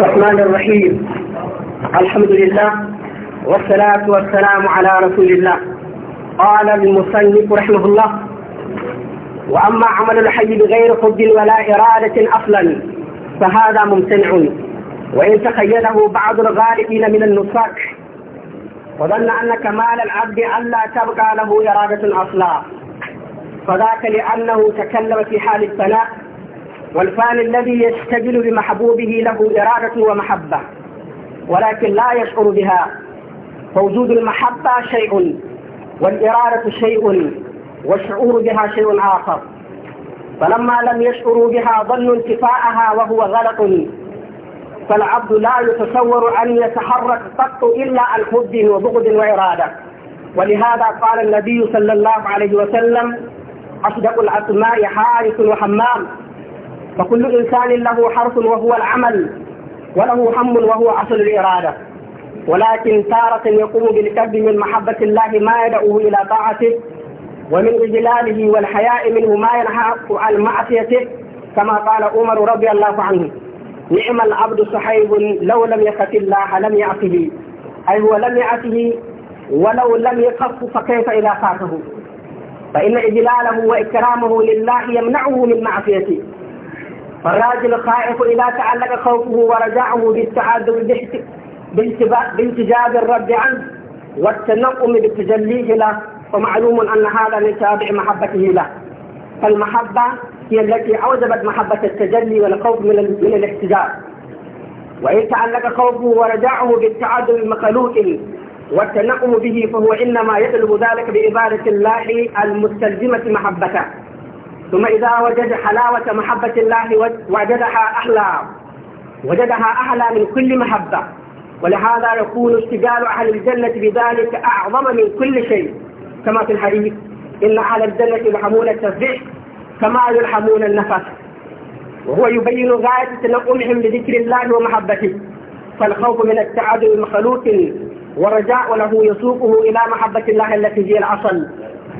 الرحمن الرحيم الحمد لله والصلاة والسلام على رسول الله قال المصنف رحمه الله وأما عمل الحي بغير حب ولا إرادة أصلا فهذا ممتنع وإن تخيله بعض الغالبين من النصاك وظن أن كمال العبد ألا تبقى له إرادة أصلا فذاك لأنه تكلم في حال الثناء والفعل الذي يشتغل بمحبوبه له إرادة ومحبة ولكن لا يشعر بها فوجود المحبة شيء والإرادة شيء والشعور بها شيء آخر فلما لم يشعروا بها ظنوا انتفاءها وهو غلط فالعبد لا يتصور أن يتحرك قط إلا عن حب وبغض وإرادة ولهذا قال النبي صلى الله عليه وسلم أصدق الأسماء حارث وحمام فكل إنسان له حرف وهو العمل وله هم وهو أصل الإرادة ولكن تارة يقوم بالكذب من محبة الله ما يدعوه إلى طاعته ومن إجلاله والحياء منه ما ينهى عن معصيته كما قال عمر رضي الله عنه نعم العبد صحيب لو لم يخف الله لم يعصه أي هو لم يعصه ولو لم يخف فكيف إذا خافه فإن إجلاله وإكرامه لله يمنعه من معصيته فالراجل الخائف إذا تعلق خوفه ورجعه بالتعذر بانتجاب الرد عنه والتنقم بتجليه له ومعلوم أن هذا من تابع محبته له فالمحبة هي التي أوجبت محبة التجلي والخوف من, من الاحتجاب وإن تعلق خوفه ورجعه بالتعذر بمخلوق والتنقم به فهو إنما يطلب ذلك بإبادة الله المستلزمة محبته ثم إذا وجد حلاوة محبة الله وجدها أحلى وجدها أحلى من كل محبة ولهذا يكون اشتغال أهل الجنة بذلك أعظم من كل شيء كما في الحديث إن أهل الجنة يلحمون التسبيح كما يلحمون النفس وهو يبين غاية تنقمهم بذكر الله ومحبته فالخوف من التعدي مخلوق والرجاء له يسوقه إلى محبة الله التي هي الأصل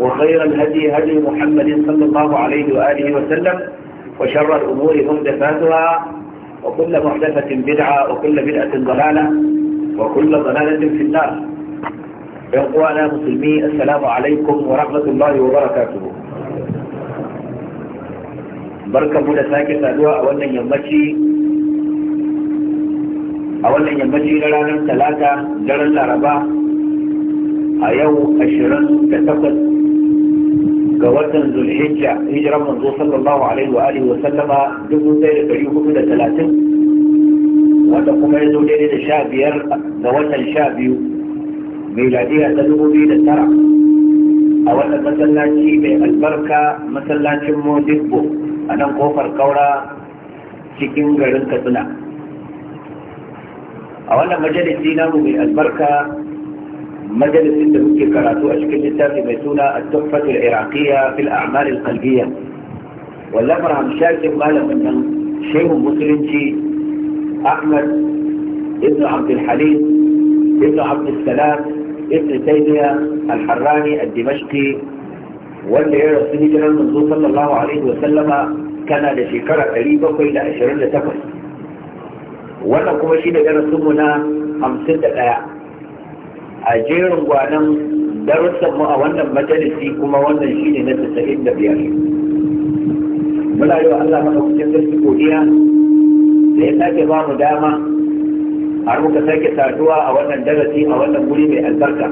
وخير الهدي هدي محمد صلى الله عليه وآله وسلم وشر الأمور محدثاتها وكل محدثة بدعة وكل بدعة ضلالة وكل ضلالة في النار إخوانا مسلمي السلام عليكم ورحمة الله وبركاته بركة مدساكي سادوا أولا يمشي أولا يمشي yammaci ثلاثة ranar talata daren أشرا a ga watan zulhijja hijiran manzo sallallahu alaihi wa alihi wa sallama dubu ɗaya da ɗari hudu da talatin wanda kuma ya zo daidai da sha biyar ga watan sha biyu miladiya ta dubu biyu da tara a wannan masallaci mai albarka masallacin modibbo a nan kofar kaura cikin garin katsina a wannan majalisi namu mai albarka majalisin da muke karatu a cikin littafi mai suna at-tuhfatul iraqiyya fil amalil al-qalbiyya wallafar shakin malamin nan shehun musulunci ahmad ibn abd al-halim ibn abd salam ibn taymiya al-harrani al-dimashqi wanda ya rasu hijiran manzo sallallahu alaihi wa sallama kana da shekara 728 wannan kuma shi ne darasinmu na 51 a jerin gwanan darussan mu a wannan majalisi kuma wannan shine na 95 muna yi wa Allah madaukakin sarki godiya da ya sake ba mu dama har muka sake saduwa a wannan darasi a wannan guri mai albarka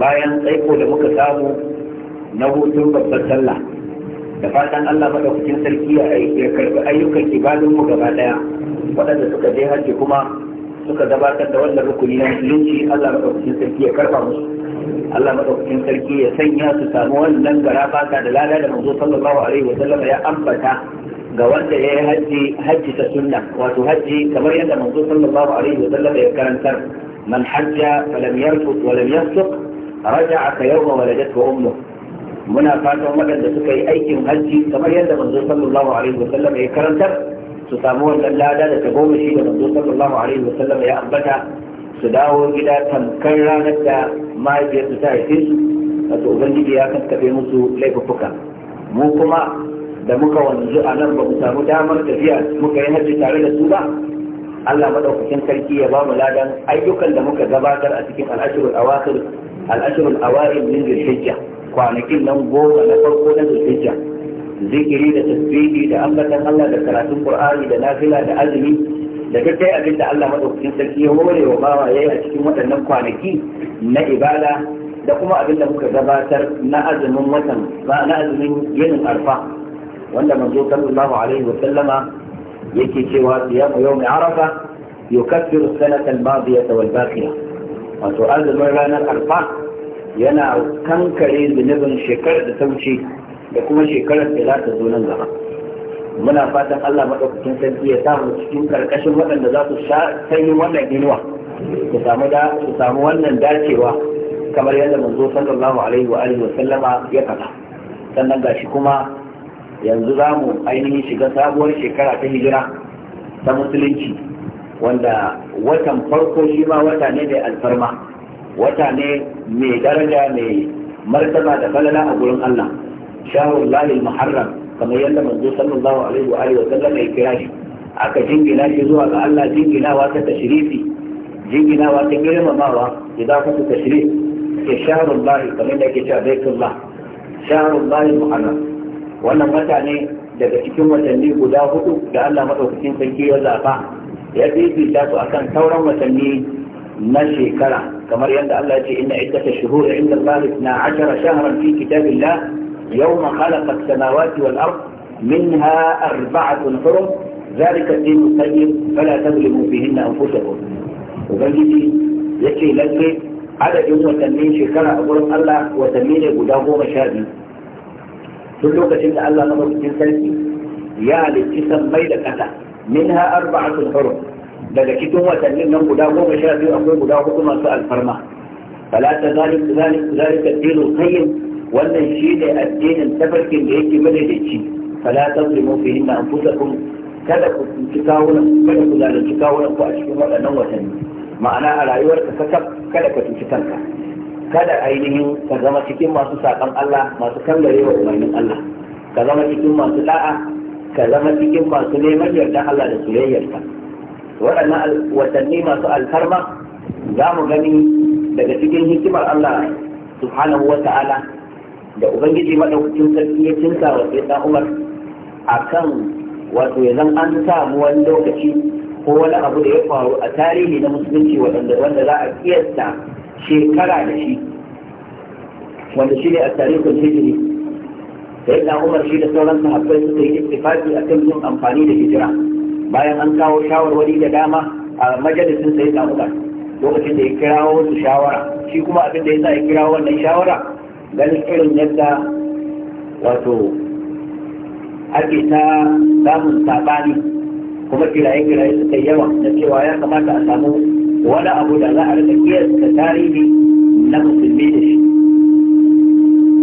bayan tsaiko da muka samu na hutun babbar sallah da fatan Allah madaukakin sarki ya karbi ayyukan ibadun mu gaba daya waɗanda suka je hajji kuma suka gabatar da wannan rukuni na musulunci Allah madaukakin sarki ya karfa musu Allah madaukakin sarki ya sanya su samu wannan gara da lada da manzo sallallahu alaihi wa sallam ya ambata ga wanda ya yi hajji hajji ta sunna wato hajji kamar yadda manzo sallallahu alaihi wa sallam ya karantar man hajja falam yarfut wa lam yafsuq raja'a ka yawma waladatu ummuh muna fatan waɗanda suka yi aikin hajji kamar yadda manzo sallallahu alaihi wa sallam ya karantar su samu wannan lada da tagomashi da manzo sallallahu alaihi wasallam ya ambata su dawo gida tamkar ranar da mahaifiyar su ta haife su wato ubangiji ya kaskafe musu laifuka mu kuma da muka wanzu a nan ba mu samu damar tafiya muka yi hajji tare da su ba Allah madaukakin sarki ya ba mu ladan ayyukan da muka gabatar a cikin al'ashirul awakhir al'ashirul awail min zulhijja kwanakin nan goma na farko na zulhijja zikiri da tasbihi da ambatan Allah da karatun Qur'ani da nafila da azumi da duk dai abin da Allah madaukakin sarki ya hore wa bawa yayi a cikin waɗannan kwanaki na ibada da kuma abin da muka gabatar na azumin watan na azumin yinin arfa wanda manzo sallallahu alaihi wa sallama yake cewa siyamu yawmi arafa yukaffiru sanata al-madiyata wal baqiyah wato azumin ranar arfa yana kankare zunubin shekarar da ta wuce da kuma shekarar da za ta zo nan gaba muna fatan Allah madaukakin sarki ya samu cikin karkashin waɗanda za su sanyi wannan inuwa su samu da su samu wannan dacewa kamar yadda manzo sallallahu alaihi wa alihi wa sallama ya faɗa sannan gashi kuma yanzu za mu ainihin shiga sabuwar shekara ta hijira ta musulunci wanda watan farko shi ma wata ne mai alfarma wata ne mai daraja mai martaba da falala a gurin Allah shahrul lalil muharram kamar yadda manzo sallallahu alaihi wa alihi wa sallam ya aka jingina shi zuwa ga Allah jinginawa ta tashrifi jinginawa ta girmamawa idan ka ta tashrif ke shahrul lalil kamar da yake cewa wannan mutane daga cikin watanni guda hudu da Allah madaukakin sarki ya zaba ya fifita su akan sauran watanni na shekara kamar yadda Allah ya ce inna iddatash shuhur inda Allah 12 shahran fi kitabillah يوم خلق السماوات والأرض منها أربعة حرم ذلك الدين القيم فلا تظلموا فيهن أنفسكم وبنجي يكي لكي على جزء تنمين شكرا أقول الله وتنمين قدامه مشاهد تلوك شمس الله نظر في الجنسان يا لتسم ميلك أتا منها أربعة حرم بل كتوم وتنمين قدامه مشاهد أقول قدامه كما سأل فرما فلا تظلم ذلك ذلك الدين القيم wannan shi ne addinin tafarkin da yake madaidaici fala tazlimu fihi ma anfusakum kada ku tunci kawunan kada ku zalunci kawuna ku a cikin waɗannan watanni ma'ana a rayuwar ka kada ka tunci kanka kada ainihin ka zama cikin masu saƙon Allah masu kallare wa umarnin Allah ka zama cikin masu da'a ka zama cikin masu neman yarda Allah da soyayyarka waɗannan watanni masu alfarma za mu gani daga cikin hikimar Allah subhanahu wa ta'ala da ubangiji madaukakin sarki ya cinta wa sai umar kan wato yanzu an samu wani lokaci ko wani abu da ya faru a tarihi na musulunci wanda za a kiyasta shekara da shi wanda shi ne a tarihin hijiri da umar shi da sauran sahabbai suka yi ittifaki a kan yin amfani da hijira bayan an kawo shawarwari da dama a majalisin sai da umar lokacin da ya kirawo su shawara shi kuma abin da ya sa ya kirawo wannan shawara ganin irin yadda wato ake ta samun sabani kuma kiraye-kiraye suka yawa na cewa ya kamata a samu wani abu da za a rika kiyasta tarihi na musulmi da shi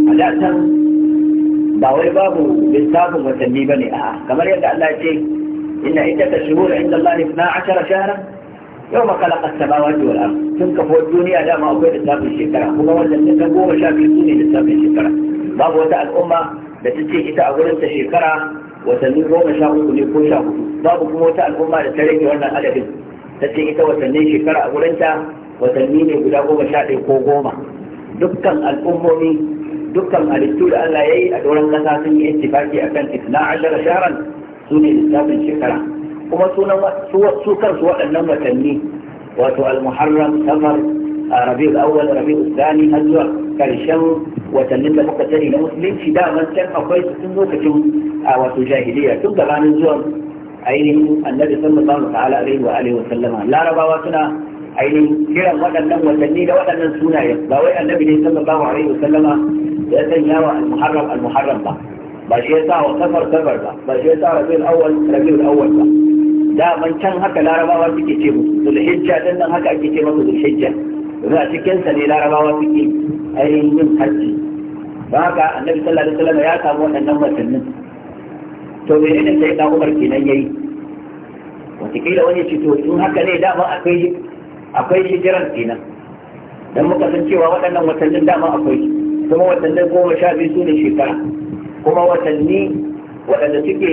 a datan ba wai babu lissafin watanni ba ne a kamar yadda Allah ce inna ita ta shuhura inda Allah ne na ashara shahara yau ma kalakar samawati wal ardh tun kafa duniya dama akwai lissafin shekara kuma wannan ta goma sha biyu ne lissafin shekara babu wata al'umma da ta ce ita a gurin shekara watanni goma sha uku ne ko sha hudu babu kuma wata al'umma da ta rage wannan adadin ta ce ita watannin shekara a gurin ta watanni ne guda goma sha ɗaya ko goma dukkan al'ummomi dukkan halittu da Allah ya yi a doron kasa sun yi ittifaki akan 12 shahran su ne lissafin shekara kuma su kansu waɗannan watanni wato al-muharram safar rabi'ul awwal rabi'ul thani har zuwa karshen watannin da muka sani na musulunci da man can akwai su tun lokacin wato jahiliya tun gabanin zuwan ainihin annabi sallallahu ta'ala alaihi wa alihi wa sallama larabawa suna ainihin kiran waɗannan watanni da waɗannan sunaye ba wai annabi ne sallallahu alaihi wa sallama ya sanya wa al-muharram al-muharram ba ba shi ya sa wa safar safar ba ba shi ya sa rabi'ul awwal rabi'ul awwal ba daman can haka larabawa suke ce musu zulhijja din nan haka ake ce masa zulhijja yanzu a cikin sa ne larabawa suke ainihin yin hajji ba haka annabi sallallahu alaihi wasallam ya samu waɗannan watannin to me ne sai da Umar kenan yayi wataƙila wani ce to in haka ne dama akwai akwai hijiran kenan dan muka san cewa waɗannan watannin dama akwai kuma watannin goma sha biyu su ne shekara kuma watanni waɗanda suke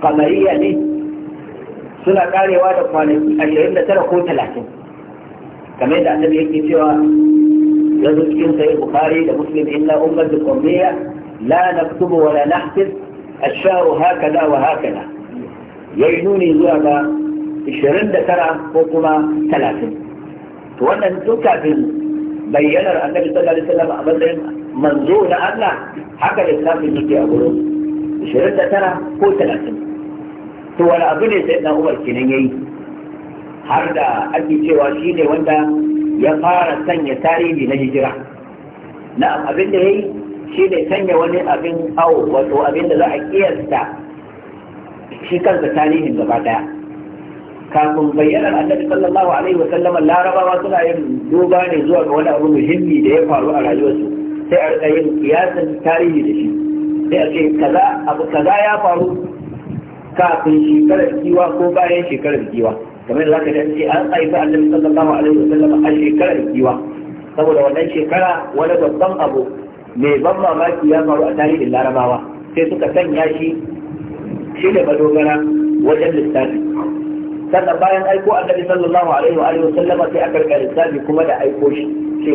kamariya ne suna karewa da kwanaki ashirin da tara ko talatin kamar yadda annabi yake cewa ya zo cikin sahih bukhari da muslim illa ummatul ummiya la naktubu wa la nahsib الشهر هكذا وهكذا يجنوني زوابا 29 ko kuma 30 to wannan duk kafin bayyanar annabi sallallahu alaihi wasallam a matsayin manzo na Allah haka lissafin yake a gurin 29 ko 30 to wani abu ne sai dan umar kenan yayi har da ake cewa shi ne wanda ya fara sanya tarihi na hijira na abin da yayi shi ne sanya wani abin awo wato abin da za a kiyasta shi kansa tarihin gaba daya kafin bayyanar annabi sallallahu alaihi wa sallama larabawa suna yin duba ne zuwa ga wani abu muhimmi da ya faru a rayuwarsu sai a rika yin kiyasan tarihi da shi sai a ce kaza abu kaza ya faru kafin shekarar giwa ko bayan shekarar giwa kamar da zaka ji an haifi annabi sallallahu alaihi wasallam a shekarar giwa saboda wannan shekara wani babban abu mai ban mamaki ya faru a tarihin larabawa sai suka sanya shi shi da madogara wajen lissafi sannan bayan aiko annabi sallallahu alaihi wa alihi wasallam sai aka rika lissafi kuma da aiko shi ce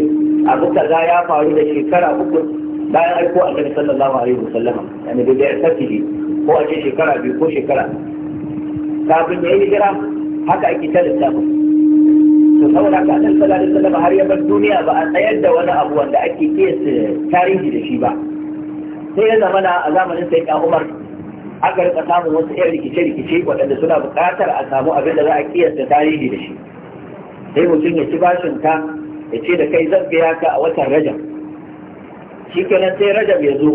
abu kaza ya faru da shekara uku bayan aiko annabi sallallahu alaihi wasallama yani da ya tafi ko a ce shekara biyu ko shekara kafin ya yi hijira haka ake ta lissafa to saboda haka annabi sallallahu alaihi wasallama har ya bar duniya ba a tsayar da wani abu wanda ake kiyasta tarihi da shi ba sai ya zamana a zamanin sai Umar aka rika samun wasu irin rikice-rikice waɗanda suna buƙatar a samu abin da za a kiyasta tarihi da shi sai mutum ya ci bashin ta ya ce da kai zan biya ka a watan rajab shi kenan sai rajab ya zo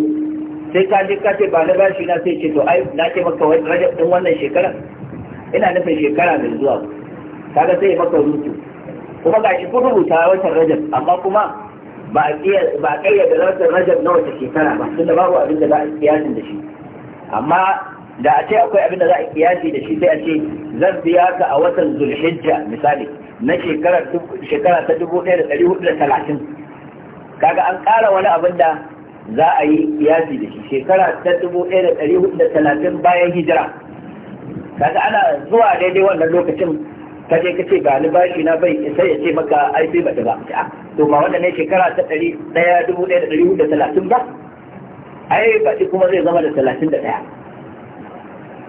sai ka je ka ce ba na bashi na sai ce to ai na ce maka wai rajab din wannan shekara ina nufin shekara mai zuwa kaga sai maka rutu kuma ga shi kun rubuta watan rajab amma kuma ba a ba da kayyade watan rajab na wata shekara ba tunda babu abin da za a kiyasin da shi amma da a ce akwai abin da za a kiyasi da shi sai a ce zan biya ka a watan zulhijja misali na shekara ta dubu ɗaya da ɗari hudu da talatin kaga an ƙara wani abin da za a yi kiyasi da shi shekara ta dubu ɗaya da ɗari hudu da talatin bayan hijira kaga ana zuwa daidai wannan lokacin ka je ka ce ga ni bashi na bai sai ya ce maka ai bai bata ba to ba wannan ne shekara ta ɗari ɗaya dubu ɗaya da ɗari hudu da talatin ba ai baɗi kuma zai zama da talatin da ɗaya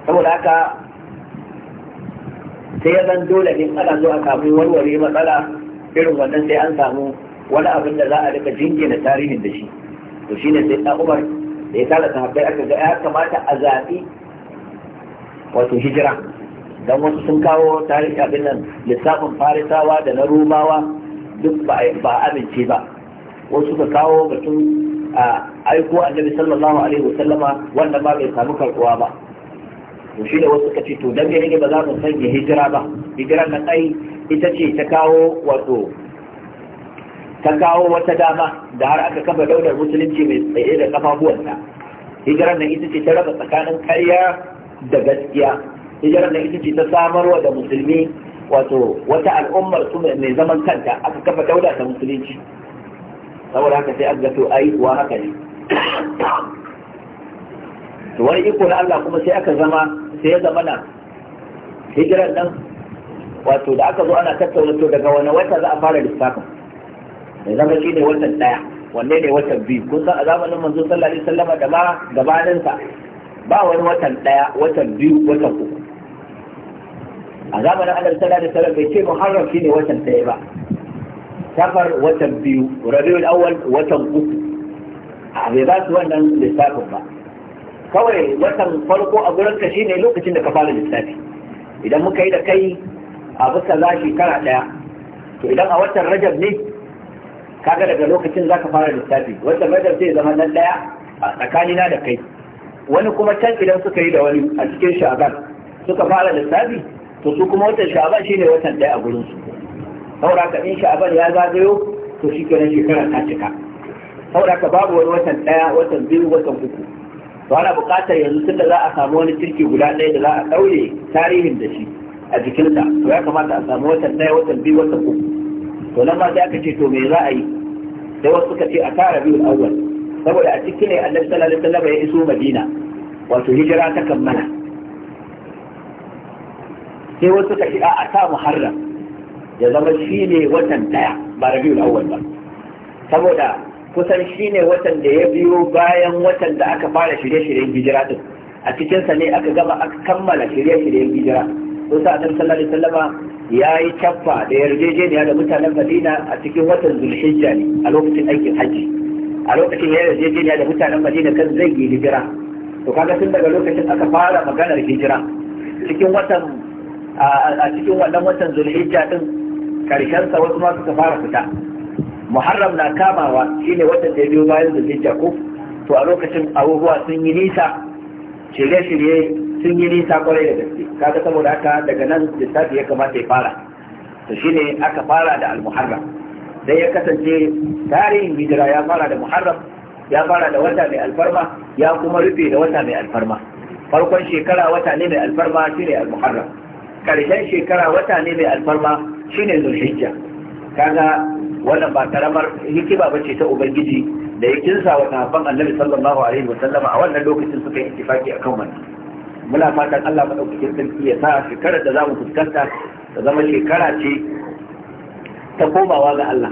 saboda haka sai ya zan dole ne ana zuwa samu warware matsala irin wannan sai an samu wani abin da za a rika jingina tarihin da shi to shine sai da Umar da ya tara sahabbai aka ga ya kamata a zaɓi wato hijira dan wasu sun kawo tarihi abin nan lissafin farisawa da na rumawa duk ba amince ba wasu suka kawo batun aiko annabi sallallahu alaihi wasallama wanda ba bai samu karbuwa ba to shi da wasu suka ce to dan ne ba za mu sanya hijira ba hijiran na kai ita ce ta kawo wato ta kawo wata dama da har aka kafa daular musulunci mai tsaye da kafafuwansa hijirar nan ita ce ta raba tsakanin karya da gaskiya hijirar nan ita ce ta samarwa da musulmi wato wata al'ummar su mai zaman kanta aka kafa daula ta musulunci saboda haka sai an to ai wa haka ne to wani iko na Allah kuma sai aka zama sai ya zama na hijirar nan wato da aka zo ana tattauna to daga wani wata za a fara lissafin ya zama shi ne watan ɗaya wanne ne watan biyu kun san a zamanin manzo sallallahu alaihi wasallam da ma gabaninsa ba wani watan ɗaya watan biyu watan uku a zamanin annabi sallallahu alaihi wasallam bai ce muharram ne watan ɗaya ba safar watan biyu rabiul awwal watan uku a bai ba su wannan lissafin ba kawai watan farko a gurin ka shine lokacin da ka fara lissafi idan muka yi da kai a bisa za shekara ɗaya to idan a watan rajab ne kaga daga lokacin zaka fara lissafi wanda madar zai zama nan daya a tsakanina da kai wani kuma can idan suka yi da wani a cikin sha'ban suka fara lissafi to su kuma watan sha'ban shine watan daya a gurin su saboda ka in sha'ban ya zagayo to shikenan shekara ta cika saboda ka babu wani watan daya watan biyu watan uku to ana buƙatar yanzu tunda za a samu wani kirki guda ɗaya da za a ɗaure tarihin da shi a jikinsa to ya kamata a samu watan ɗaya watan biyu watan uku to nan ma sai aka ce to me za a yi sai wasu suka ce a tara biyu awwal saboda a cikin ne annabi sallallahu alaihi wasallam ya iso madina wato hijira ta kammala sai wasu suka ce a ta muharram ya zama shi ne watan daya ba rabiul awwal ba saboda kusan shi ne watan da ya biyo bayan watan da aka fara shirye-shiryen hijira din a cikinsa ne aka gama aka kammala shirye-shiryen hijira kusa annabi sallallahu alaihi ya yi caffa da yarjejeniya da mutanen Madina a cikin watan Zulhijja ne a lokacin aikin hajji. a lokacin ya yarjejeniya da mutanen Madina kan zai yi hijira to kaga tun daga lokacin aka fara maganar hijira cikin watan a cikin wannan watan Zulhijja din karshen sa wasu ma suka fara fita Muharram na kamawa shine watan da ya biyo bayan Zulhijja ko to a lokacin abubuwa sun yi nisa shirye-shirye sun yi nisa kwarai da gaske kaga saboda haka daga nan lissafi ya kamata ya fara to shine aka fara da al-muharram dai ya kasance tarihin hijira ya fara da muharram ya fara da wata mai alfarma ya kuma rufe da wata mai alfarma farkon shekara wata ne mai alfarma shine al-muharram karshen shekara wata ne mai alfarma shine zulhijja kaga wannan ba karamar hikima bace ta ubangiji da ya kinsa wa sahabban annabi sallallahu alaihi wa sallama a wannan lokacin suka yi ittifaki akan wannan muna fatan Allah madaukakin sarki ya sa shekarar da za mu fuskanta ta zama shekara ce ta komawa ga Allah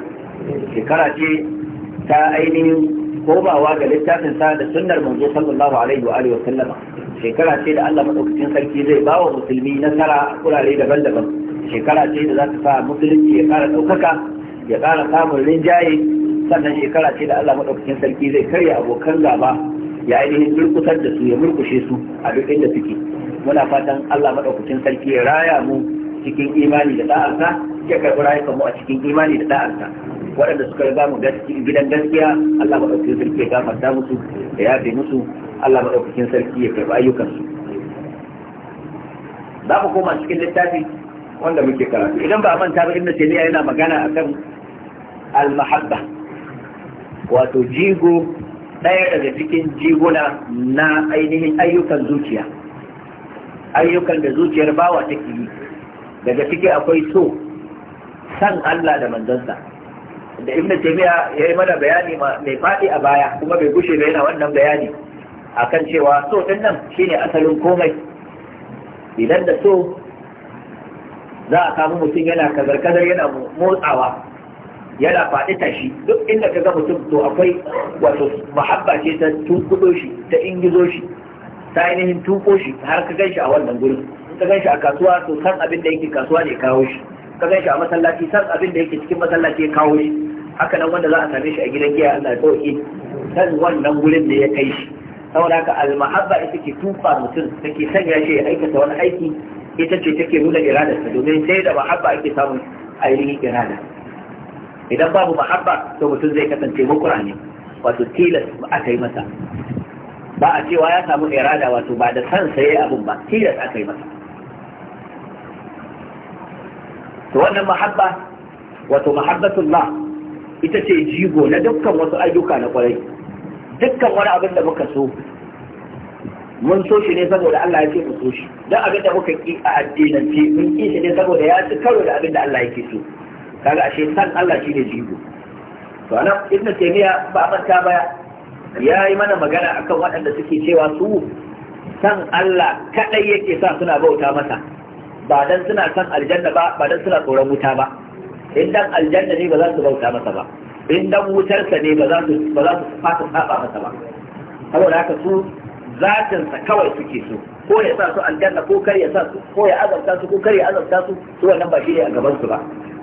shekara ce ta ainihin komawa ga littafin sa da sunnar manzo sallallahu alaihi wa alihi wa sallama shekara ce da Allah madaukakin sarki zai ba wa musulmi nasara a kurare daban-daban shekara ce da za ta sa musulunci ya ƙara ɗaukaka ya ƙara samun rinjaye sannan shekara ce da Allah madaukakin sarki zai karya abokan gaba ya ainihin durkusar da su ya murkushe su a duk inda suke muna fatan Allah madaukakin sarki ya raya mu cikin imani da ɗa'arsa, ya karɓi rayukan mu a cikin imani da ɗa'arsa. waɗanda suka riga mu gidan gaskiya Allah madaukakin sarki ya gafarta musu da yafe musu Allah madaukakin sarki ya karɓi ayyukansu za mu koma cikin littafi wanda muke karatu idan ba a manta ba ibnu taymiya yana magana akan al-mahabba wato jigo ɗaya daga cikin jiguna na ainihin ayyukan zuciya ayyukan da zuciyar bawa take yi daga ciki akwai so san Allah da manzansa da ibn taymiya ya yi mana bayani mai faɗi a baya kuma bai gushe ba yana wannan bayani akan cewa so din nan shine asalin komai idan da so za a samu mutum yana kazar-kazar yana motsawa yana faɗi tashi duk inda ka ga mutum to akwai wato mahabba ce ta tunkuɗo shi ta ingizo shi ta ainihin tuko shi har ka ganshi a wannan gurin ka ganshi a kasuwa to san abin da yake kasuwa ne kawo shi ka ganshi a masallaci san abin da yake cikin masallaci ya kawo shi haka nan wanda za a same shi a gidan giya Allah ya dauke san wannan gurin da ya kai shi saboda haka almahabba ita ke tufa mutum take sanya shi ya aikata wani aiki ita ce take nuna iradarsa domin sai da mahabba ake samun ainihin irada idan babu mahabba to mutum zai kasance mukura ne wato tilas aka yi masa ba a cewa ya samu irada wato ba da san saye abun ba tilas aka yi masa to wannan mahabba wato mahabbatullah ita ce jigo na dukkan wasu ayyuka na kwarai dukkan wani abin da muka so mun so shi ne saboda Allah ya ce mu so shi don abin da muka ki a addinance mun ki shi ne saboda ya ci karo da abin da Allah yake so kaga ashe san Allah shi ne jigo to anan ibn taymiya ba manta ba ya yi mana magana akan waɗanda suke cewa su san Allah kadai yake sa suna bauta masa ba dan suna san aljanna ba ba dan suna tsoron wuta ba in dan aljanna ne ba za su bauta masa ba in dan wutarsa ne ba za su ba za su fasa saba masa ba saboda haka su sa kawai suke so ko ya sa su aljanna ko kar ya sa su ko ya azabta su ko kar ya azabta su to wannan ba shi ne a gaban su ba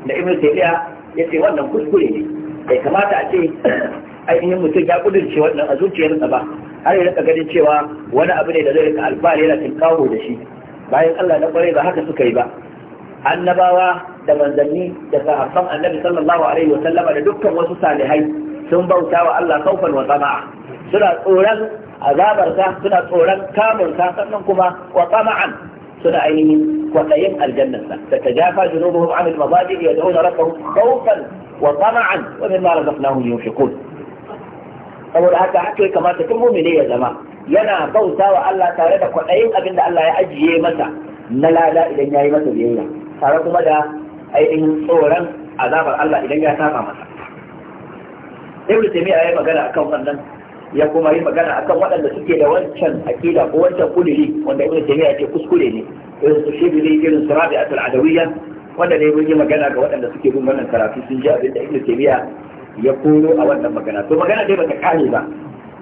da ibn taymiya yace wannan kuskure ne bai kamata a ce ainihin mutum ya kudurce wannan a zuciyarsa ba har ya rika ganin cewa wani abu ne da zai rika alfahari yana kawo da shi bayan Allah na kwarai ba haka suka yi ba annabawa da manzanni da sahabban annabi sallallahu alaihi wa sallama da dukkan wasu salihai sun bauta wa Allah kaufan wa tsama'a suna tsoron azabarsa suna tsoron kamunsa sannan kuma wa tsama'an سنعيم وسيم الجنة تتجافى جنوبهم عن المضاجع يدعون ربهم خوفا وطمعا ومما رزقناهم ينفقون أقول هكا حكي كما تكون مؤمنين يا جماعة ينا بوسا وألا تارد قطعين أبن الله يأجي متى. نلا لا إلى نهاية يمتا بيئنا تارد مدى أي إن صورا عذاب الله إلى نهاية يمتا مدى ابن تيمية أيما قال أكوم ya kuma yi magana akan waɗanda suke da wancan akida ko wancan kudiri wanda ibn taymiya ce kuskure ne irin su shibili irin su rabi'atul adawiyya wanda ne yi magana ga waɗanda suke bin wannan karatu sun ji abin da ibn taymiya ya koro a wannan magana to magana dai bata kare ba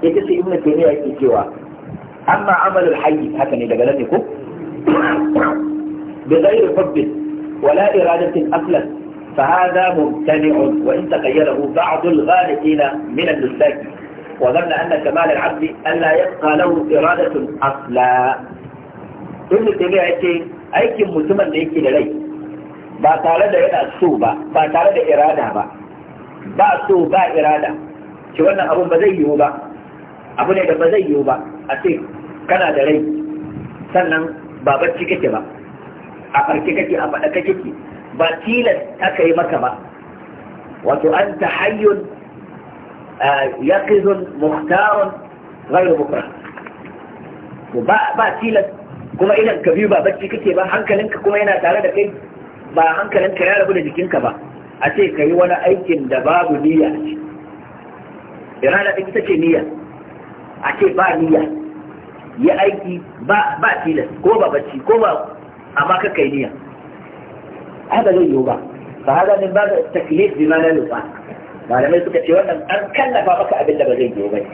ita ce ibn taymiya yake cewa amma amalul hayy haka ne daga nan ne ko bi ghairi hubbin wala iradatin aslan فهذا ممتنع وإن تغيره بعض الغالبين من النساك وظن أن كمال العبد ألا يبقى له إرادة أصلا ابن تيمية يأتي أيك متما ليك للي ba tare da yana so ba ba tare da irada ba ba so ba irada ki wannan abun ba zai yiwu ba abu ne da ba zai yiwu ba a ce kana da rai sannan ba ba a farke kake a ba tilas yi maka ba wato an ta hayyun يقظ مختار غير مكره ba tilas kuma idan ka biyu ba bacci kake ba hankalinka kuma yana tare da kai ba hankalinka ya rabu da jikinka ba a ce ka wani aikin da babu niyya a ce irada ɗin ita niyya a ce ba niyya ya aiki ba tilas ko ba bacci ko ba amma ka kai niyya haka zai yiwu ba haka hada min ba taklif bi ma la ba. malamai suka ce wannan an kallafa maka abin da ba zai biyo ba ne.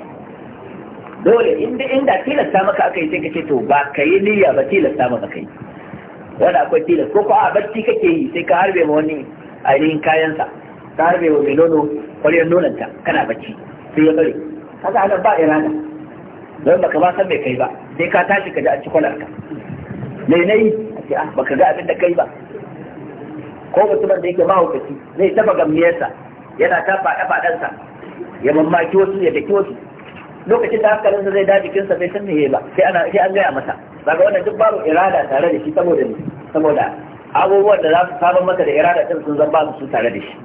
dole inda inda tilasta maka aka yi sai kace to ba ka yi niyya ba tilasta maka kai wanda akwai tilas ko ko a bacci kake yi sai ka harbe ma wani ainihin kayansa ka harbe wa mai nono kwaryar nonanta kana bacci sai ya bare kaga anan ba yi don baka ba san mai kai ba sai ka tashi ka ji a cikin kwalarka me yi? a ce ah baka ga abin da kai ba ko mutumin da yake mahaukaci zai taba gamniyarsa yana ta faɗa faɗansa ya mamaki wasu ya daki wasu lokacin da nan zai da kinsa bai san meye ba sai ana sai an gaya masa daga wannan duk babu irada tare da shi saboda saboda abubuwan da za su saba masa da irada din sun zama su tare da shi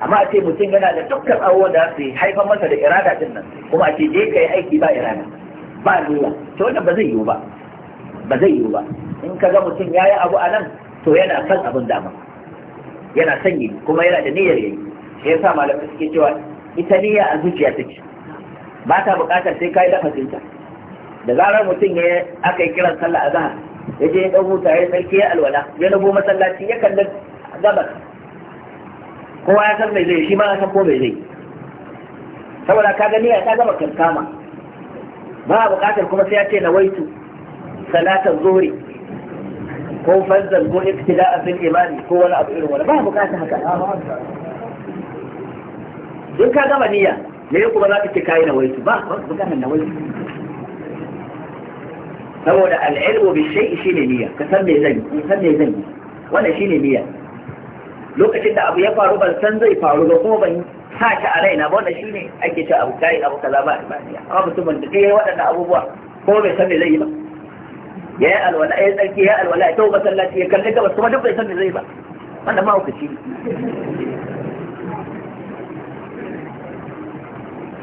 amma a ce mutum yana da dukkan abubuwan da su haifar masa da irada din nan kuma a ce je ka yi aiki ba irada ba niyya to wannan ba zai yiwu ba ba zai yiwu ba in ka ga mutum ya yi abu a nan to yana son abin dama yana son yi kuma yana da niyyar yi ya sa malamai suke cewa ita niyya a zuciya take ba ta buƙatar sai kai da fasinta da zarar mutum ya aka yi kiran sallah a zahar ya je ya ɗau huta ya tsarki ya alwala ya nubo masallaci ya kalli gabas kowa ya san mai zai shi ma ya san ko mai zai saboda ka ga niyya ta gama kankama ba a buƙatar kuma sai ya ce na waitu salatar zuri ko fanzan ko iktida'an bil imani ko wani abu irin wani ba a haka duk ka gama niyya me ya kuma za ka ce kayi na waisu ba ba ka gama na waisu saboda al'ilmu bi shay'i shine niyya ka san me zan yi san me zan yi wannan shine niyya lokacin da abu ya faru ban san zai faru ba kuma ban sa shi a raina ba wannan shine ake cewa abu kai abu kaza ba ba amma mutumin da kai waɗannan abubuwa ko bai san me zai yi ba ya yi alwala ya tsarki ya yi alwala ya tawo masallaci ya kalli gabas kuma duk bai san me zai yi ba wannan ma hukunci ne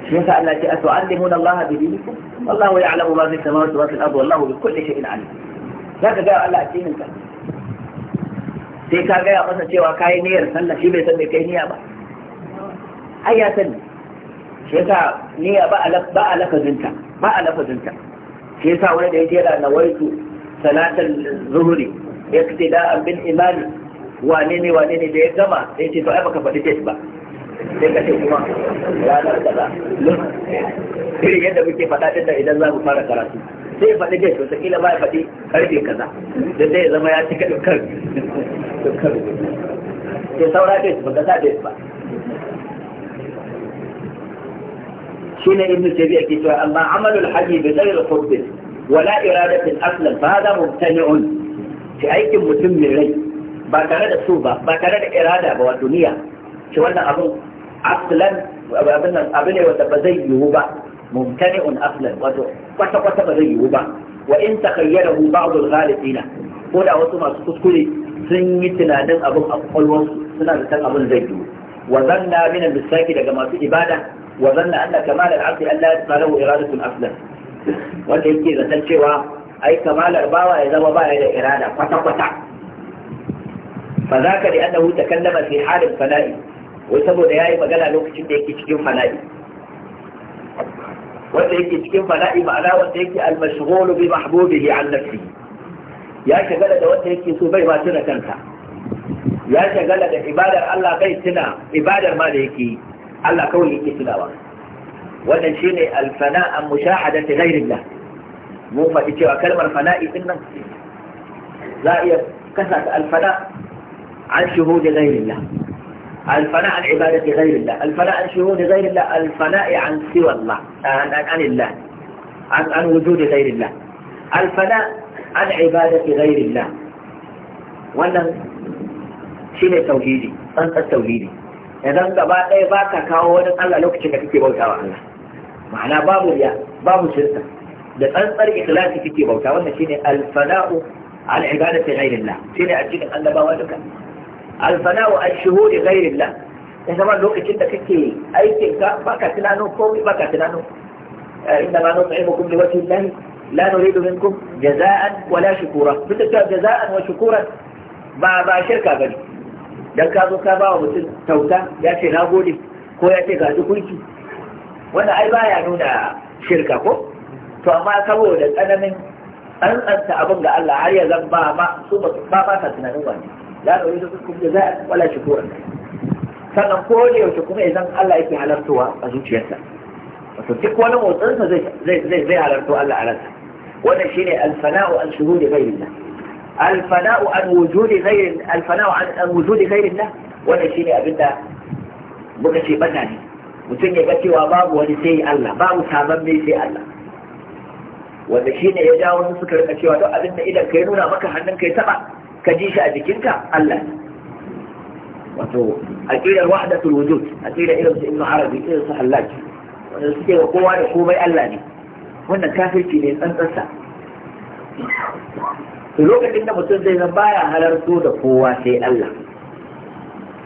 shi yasa Allah ce atu'allimuna Allah bi dinikum wallahu ya'lamu ma fi samawati wa fil ardi wallahu bi kulli shay'in alim zaka ga Allah ka sai ka gaya masa cewa kayi niyyar sallah shi bai san me kai niyya ba ai ya sani shi yasa niyya ba alaf ba a ba alafazinta shi yasa wani da yake yana nawaitu salatal zuhri da bil imani wane ne wane ne da ya gama sai ce to ai baka faɗi date ba sai ka ce kuma ranar kaza irin yadda muke faɗa din da idan za mu fara karatu sai ya faɗi gaishe wata kila ba ya faɗi karfe kaza da zai zama ya cika dukkan sai saura gaishe ba ka sa gaishe ba شين ابن سيبيع كتاب أما عمل الحج بغير حب ولا إرادة أصلا فهذا ممتنع في أي متم لي ba tare da irada ba إرادة duniya shi أنا abun. aslan abu ne wanda ba zai yiwu ba mumtani mumtani'un aslan wato kwata kwata ba zai yiwu ba wa in hu ba'd al-ghalibina ko da wasu masu kuskure sun yi tunanin abin a kwakwalwarsu suna da san abin zai yiwu wa zanna min al daga masu ibada wa zanna anna kamal al-abd an la yasqalahu iradatun aslan wanda yake zaton cewa ai kamalar bawa ya zama baya da irada kwata kwata fa zaka li annahu takallama fi halin fana'i wai saboda ya yi magana lokacin da yake cikin fala'i wanda yake cikin fala'i ma'ana wanda yake almashghulu bi mahbubihi an nafsi, ya shagala da wanda yake so bai ma tuna kansa ya shagala da ibadar Allah bai tuna ibadar ma da yake Allah kawai yake tunawa wannan shine alfana an mushahadati ghairillah mun faɗi cewa kalmar fana'i din nan za a iya kasa ta alfana an shuhudi ghairillah الفناء عن عبادة غير الله الفناء عن شهود غير الله الفناء عن سوى الله عن, عن, الله عن, عن وجود غير الله الفناء عن عبادة غير الله وانا شنو التوحيدي انت التوحيدي اذا انت بعد اي باكا كاو وانا الله لو شنو كي بوتا الله معناها باب الياء باب الشرطة da tsantsar ikhlasi kike bauta wannan shine alfala'u al ibadati ghayr Allah shine a cikin annabawa duka alfana'u an shuhuri ghairillah ya zama lokacin da kake aikin ka baka tunanin komai baka tunanin eh, inda ma nut'imukum li wajhi Allah la nuridu minkum jaza'an wala shukura da fitta jaza'an wa shukuran ba ba shirka ba ne, dan ka zo ka ba wa mutum tauta ya ce na gode ko ya ce ga dukunki wannan ai baya nuna shirka ko to amma saboda tsananin tsantsanta abin ga Allah har ya zan ba ma su ba ba ta tunanin wani la da wani kun jaza'a wala shukura sannan ko da yaushe kuma idan Allah yake halartowa a zuciyarsa wato duk wani motsinsa zai zai halarto Allah a ransa wannan shine alfana'u an shuhudi ghairillah alfana'u an wujudi ghairin alfana'u an wujudi ghairillah wannan shine abinda muka ce bata ne mutum ya ga cewa babu wani sai Allah babu sabon mai sai Allah wanda shine ya jawo su suka rika cewa duk abin da idan kai nuna maka hannun kai taba ka ji shi a jikinka Allah ne wato aqidar wahdatul wujud aqidar irin su ibnu arabi irin su hallaj wanda suke ga kowa da komai Allah ne wannan kafirci ne tsantsansa to lokacin da mutum zai zama baya halarto da kowa sai Allah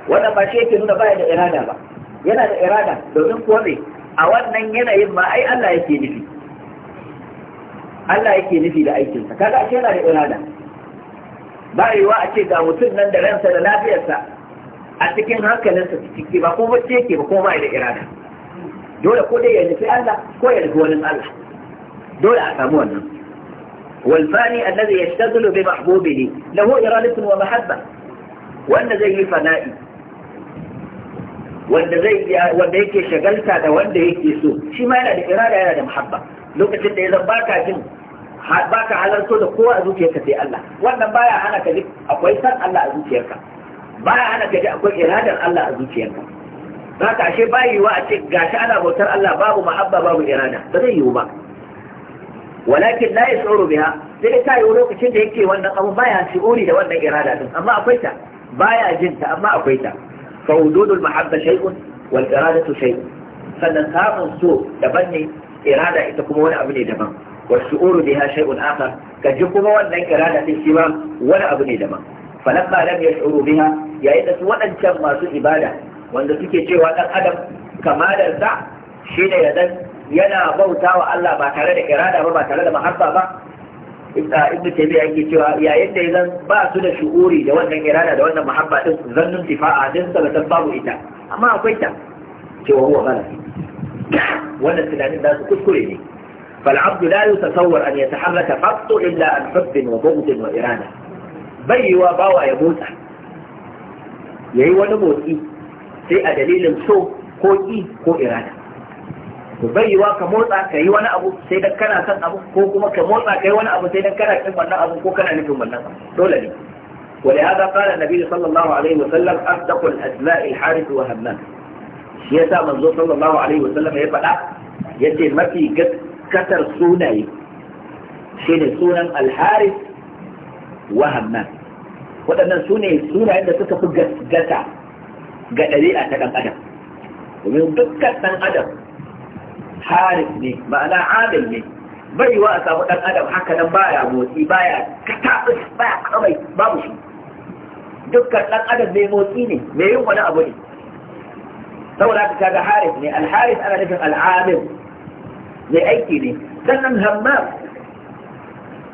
wannan ba shi yake nuna baya da irada ba yana da irada domin kuwa me. a wannan yanayin ma ai Allah yake nufi Allah yake nufi da aikinsa kaga ashe yana da irada ba yiwa a ce ga mutum nan da ransa da lafiyarsa a cikin hankalinsa ciki ba ko bacci yake ba ko ma da irada dole ko dai ya nufi Allah ko ya nufi wani Allah dole a samu wannan والفاني الذي يشتغل بمحبوبه له إرادة ومحبة wanda zai yi fana'i wanda zai wanda yake shagalta da wanda yake so shi ma yana da irada yana da muhabba lokacin da ya zan baka ba ka halarto da kowa a zuciyarka sai Allah wannan baya hana ka ji akwai san Allah a zuciyarka baya hana ka ji akwai iradar Allah a zuciyarka za ka ashe ba yiwuwa a ce gashi ana bautar Allah babu ma'abba babu irada ba zai yiwu ba walakin la yashuru biha sai ta yiwu lokacin da yake wannan abu baya shi'uri da wannan irada din amma akwai ta baya jin ta amma akwai ta fa wududul mahabba shay'un wal iradatu shay'un sannan samun so daban ne irada ita kuma wani abu ne daban والشعور بها شيء آخر كجكما وأن كرادة الشمام ولا أبني دما فلما لم يشعروا بها يا إذا وأن شمع سوء إبادة وأن تكي شيء وأن أدم كمال الزع شين يدن ينا بوتا وألا ما ترى إرادة وما ترى محبة ما ibn tabi'a yake cewa yayin da idan ba su da shu'uri da wannan irada da wannan muhabba din zannun tifa'a din sabatan babu ita amma akwai ta cewa wannan tunanin da su kuskure ne فالعبد لا يتصور أن يتحرك قط إلا عن حب وبغض وإرادة بي وباوى يموت yayi wani motsi sai a dalilin so ko ƙi ko irada bai yiwa ka motsa ka yi wani abu sai dan kana son abu ko kuma ka motsa ka yi wani abu sai dan kana kin wannan abu ko kana nufin wannan abu dole ne ولهذا قال النبي صلى الله عليه وسلم أصدق الأسماء الحارث وهمام shi yasa manzo sallallahu alaihi wa sallam ya faɗa yace mafi katar sunaye shi ne sunan alharis wa hamman waɗannan su sunayen da suka fi gasgata ga ɗari'a ta ɗan adam domin dukkan ɗan adam haris ne ma'ana adal ne bai wa a samu ɗan adam haka nan baya motsi baya kataɓis baya kamai babu shi dukkan ɗan adam mai motsi ne mai yin wani abu ne saboda haka kaga haris ne alharis ana nufin al'amil لأي كده كان مهمة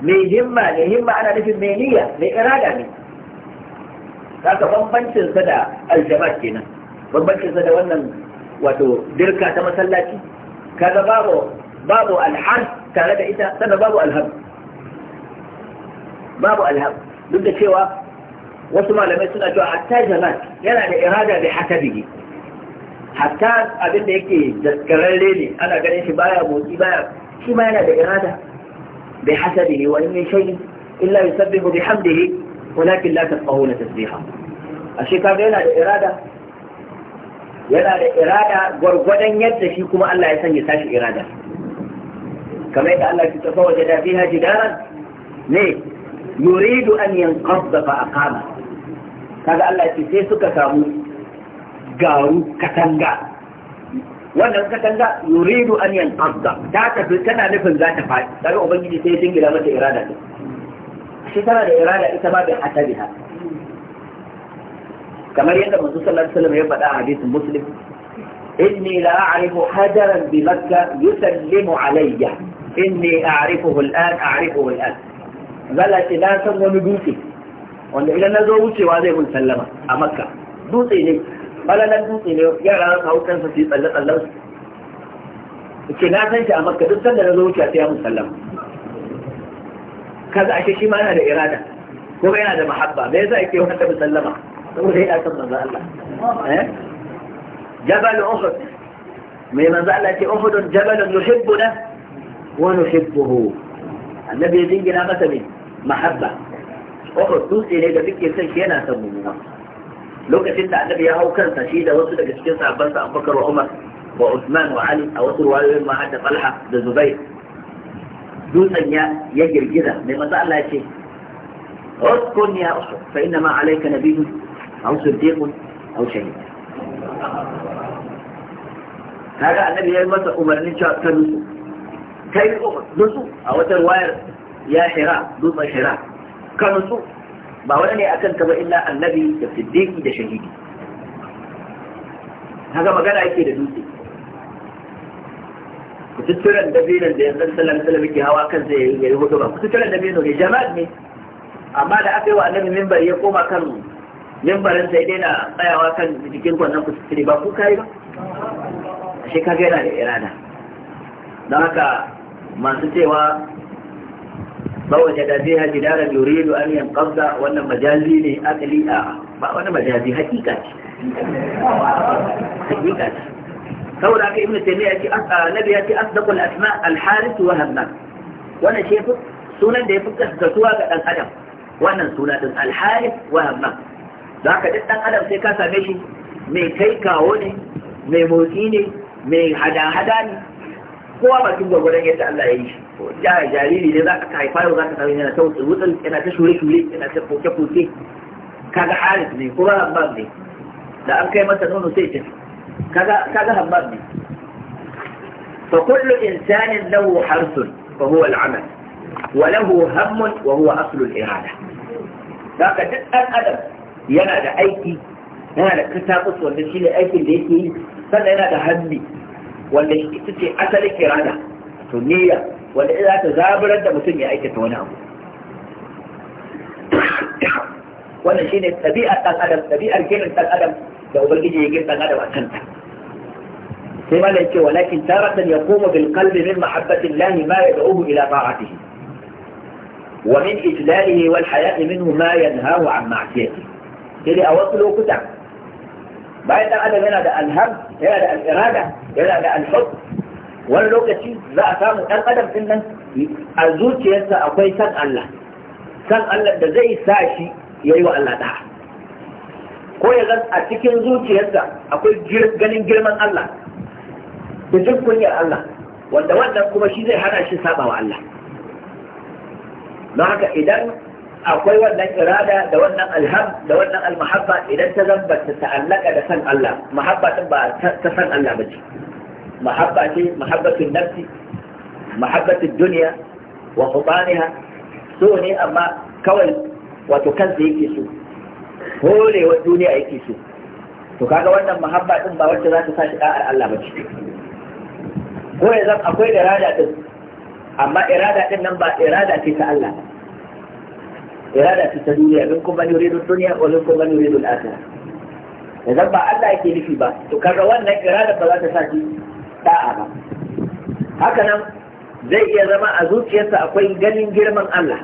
مهمة مهمة أنا لفي المينية لإرادة مي كانت فنبنش سدى الجماعة كنا فنبنش سدى وانن واتو دركة تمثلاتي كان بابو بابو الحرس كان لدى إيسا سنة بابو الهم بابو الهم لدى شوى وسمع لما يسنى جوى حتى جماعة يلا لإرادة بحسبه hatta abin da yake daskararre ne ana ganin shi baya motsi baya shi ma yana da irada bai hasabi ne wani mai shayi illa yusabbihu bihamdihi walakin la na tasbiha ashe kaga yana da irada yana da irada gwargwadon yadda shi kuma Allah ya sanya tashi irada kamar yadda Allah ya tafa waje da fiha jidaran ne yuridu an yanqadda fa aqama kaga Allah ya ce sai suka samu garu katanga wannan katanga yuridu an yanqadda ta tafi tana nufin za ta faɗi daga ubangiji sai dingira mata irada ta shi tana da irada ita ba bai hasabiha kamar yadda manzo sallallahu alaihi wasallam ya faɗa a hadisin muslim inni la a'rifu hajaran bi makka yusallimu alayya inni a'rifuhu al'an a'rifuhu al'an zalla ce na san wani dutse wanda idan na zo wucewa zai mun sallama a makka dutse ne falalan dutse ne yara an hau kansa su yi tsalle tsallen su ce na san shi a makka duk sanda na zo wuce sai ya musallam kaza ashe shi ma yana da irada kuma yana da mahabba me yasa yake wanda sallama. saboda ya san manzo Allah eh jabal uhud mai manzo Allah ce uhud jabal yuhibbuna wa nuhibbuhu annabi ya dingina masa ne mahabba uhud dutse ne da muke son shi yana son mu lokacin da annabi ya hau kansa shi da wasu daga cikin sahabbansa Abubakar wa Umar wa Usman wa Ali a wasu ruwayoyin ma hadda Talha da Zubair dutsen ya ya girgiza mai maza Allah ya ce uskun ya uskun fa inna ma alayka nabiyyun aw siddiqun aw shahid kaga annabi ya yi masa umarnin cewa ta nutsu kai nutsu a wata ruwayar ya shira dutsen shira ka nutsu ba wani ne akan ka ba illa annabi da siddiqi da shahidi haka magana yake da dutse kututturan dabinan da yanzu sallallahu alaihi yake hawa kan zai yayi hudu ba da dabino ne jama'a ne amma da aka yi wa annabi mimbar ya koma kan mimbarin sai daina tsayawa kan jikin wannan kututturi ba ku kai ba ashe kaga yana da irada don haka masu cewa فوجد فيها جدارا يريد أن ينقض وأن مجازي لأكلي آه وأن مجازي حقيقة حقيقة saboda haka ibnu taymiya ce nabi ya ce asdaqul asma al harith wa hamman wannan shi sunan da ya fuka gasuwa ga dan adam wannan suna din al harith wa hamman zaka duk dan adam sai ka same shi mai kai kawo ne mai motsi ne mai hada hada ne kowa bakin gwargwadon yadda Allah ya yi shi ya jariri ne za ka haifa yau za ka samu yana ta wutsul yana ta shure shure yana ta koke koke kaga haris ne ko ba hammam ne da an kai masa nono sai tafi kaga kaga hammam ne fa kullu insanin lahu harsun fa huwa al'amal wa lahu hammun wa huwa aslu al-irada ka duk dan adam yana da aiki yana da katakus wanda shi ne aikin da yake yi sannan yana da hannu wanda ita ce asalin irada to niyya wanda za ta zaburar da mutum ya aikata wani abu wannan shine tabi'ar dan adam tabi'ar ginin dan adam da ubangiji ya gina dan adam a kanta sai ma yake walakin taratan yaqumu bil qalbi min mahabbati Allah ma yad'uhu ila ta'atihi wa min ijlalihi wal haya'i minhu ma yanhahu an ma'siyatihi sai a wasu lokuta bayan dan adam yana da alham yana da al'irada yana da alhub wani lokaci za a samu dan adam din nan a zuciyarsa akwai san Allah san Allah da zai sa shi yayi wa Allah da ko ya zan a cikin zuciyarsa akwai ganin girman Allah da jin kunyar Allah wanda wannan kuma shi zai hana shi saba wa Allah don haka idan akwai wannan irada da wannan alham da wannan almahabba idan ta zamba ta ta'allaka da san Allah mahabba din ba ta san Allah ba ce mahabba ce mahabbatun nafsi mahabbatun duniya wa hubaniha so ne amma kawai wato kansa yake so horewar duniya yake so to kaga wannan mahabba din ba wacce za ta sa shi da'ar Allah ba ce ko yanzu akwai irada din amma irada din nan ba irada ce ta Allah ba irada ce ta duniya min kuma yuridu dunya wa min kuma yuridu al-akhirah idan ba Allah yake nufi ba to kaga wannan irada ba za ta saki da'a ba haka nan zai iya zama a zuciyarsa akwai ganin girman Allah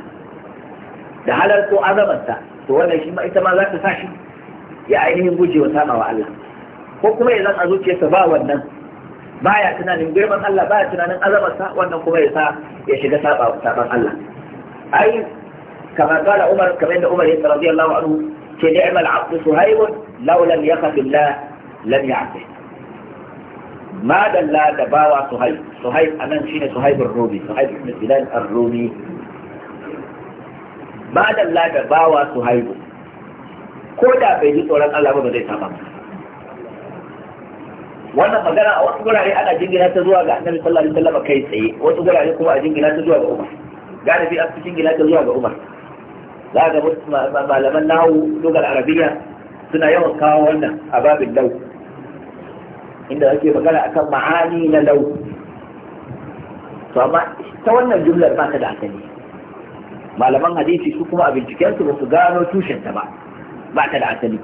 da halarto azamarsa to wannan shi ma ita ma za ta sa shi ya ainihin gujewa sama wa Allah ko kuma ya zan a zuciyarsa ba wannan ba ya tunanin girman Allah ba ya tunanin azamarsa wannan kuma ya sa ya shiga saban Allah ai kama kana Umar kamar yadda Umar yake radiyallahu anhu ce ni'mal abdu suhaib law lam yakhaf billah lam ya'ti ma dalla da bawa suhaib suhaib anan shine suhaib ar-rumi suhaib ibn bilal ar-rumi ma dalla da bawa suhaib ko da bai ji tsoron Allah ba zai saba masa wannan magana a wasu gurare ana jingina ta zuwa ga annabi sallallahu alaihi wasallam kai tsaye wasu gurare kuma a jingina ta zuwa ga Umar a cikin ta zuwa ga Umar za ga malaman nahu lugar arabiya suna yawan kawo wannan a babin lau inda ake magana akan ma'ani na lau to amma ta wannan jumlar ba ta da asali malaman hadisi su kuma a bincikensu ba su gano tushenta ba ba ta da asali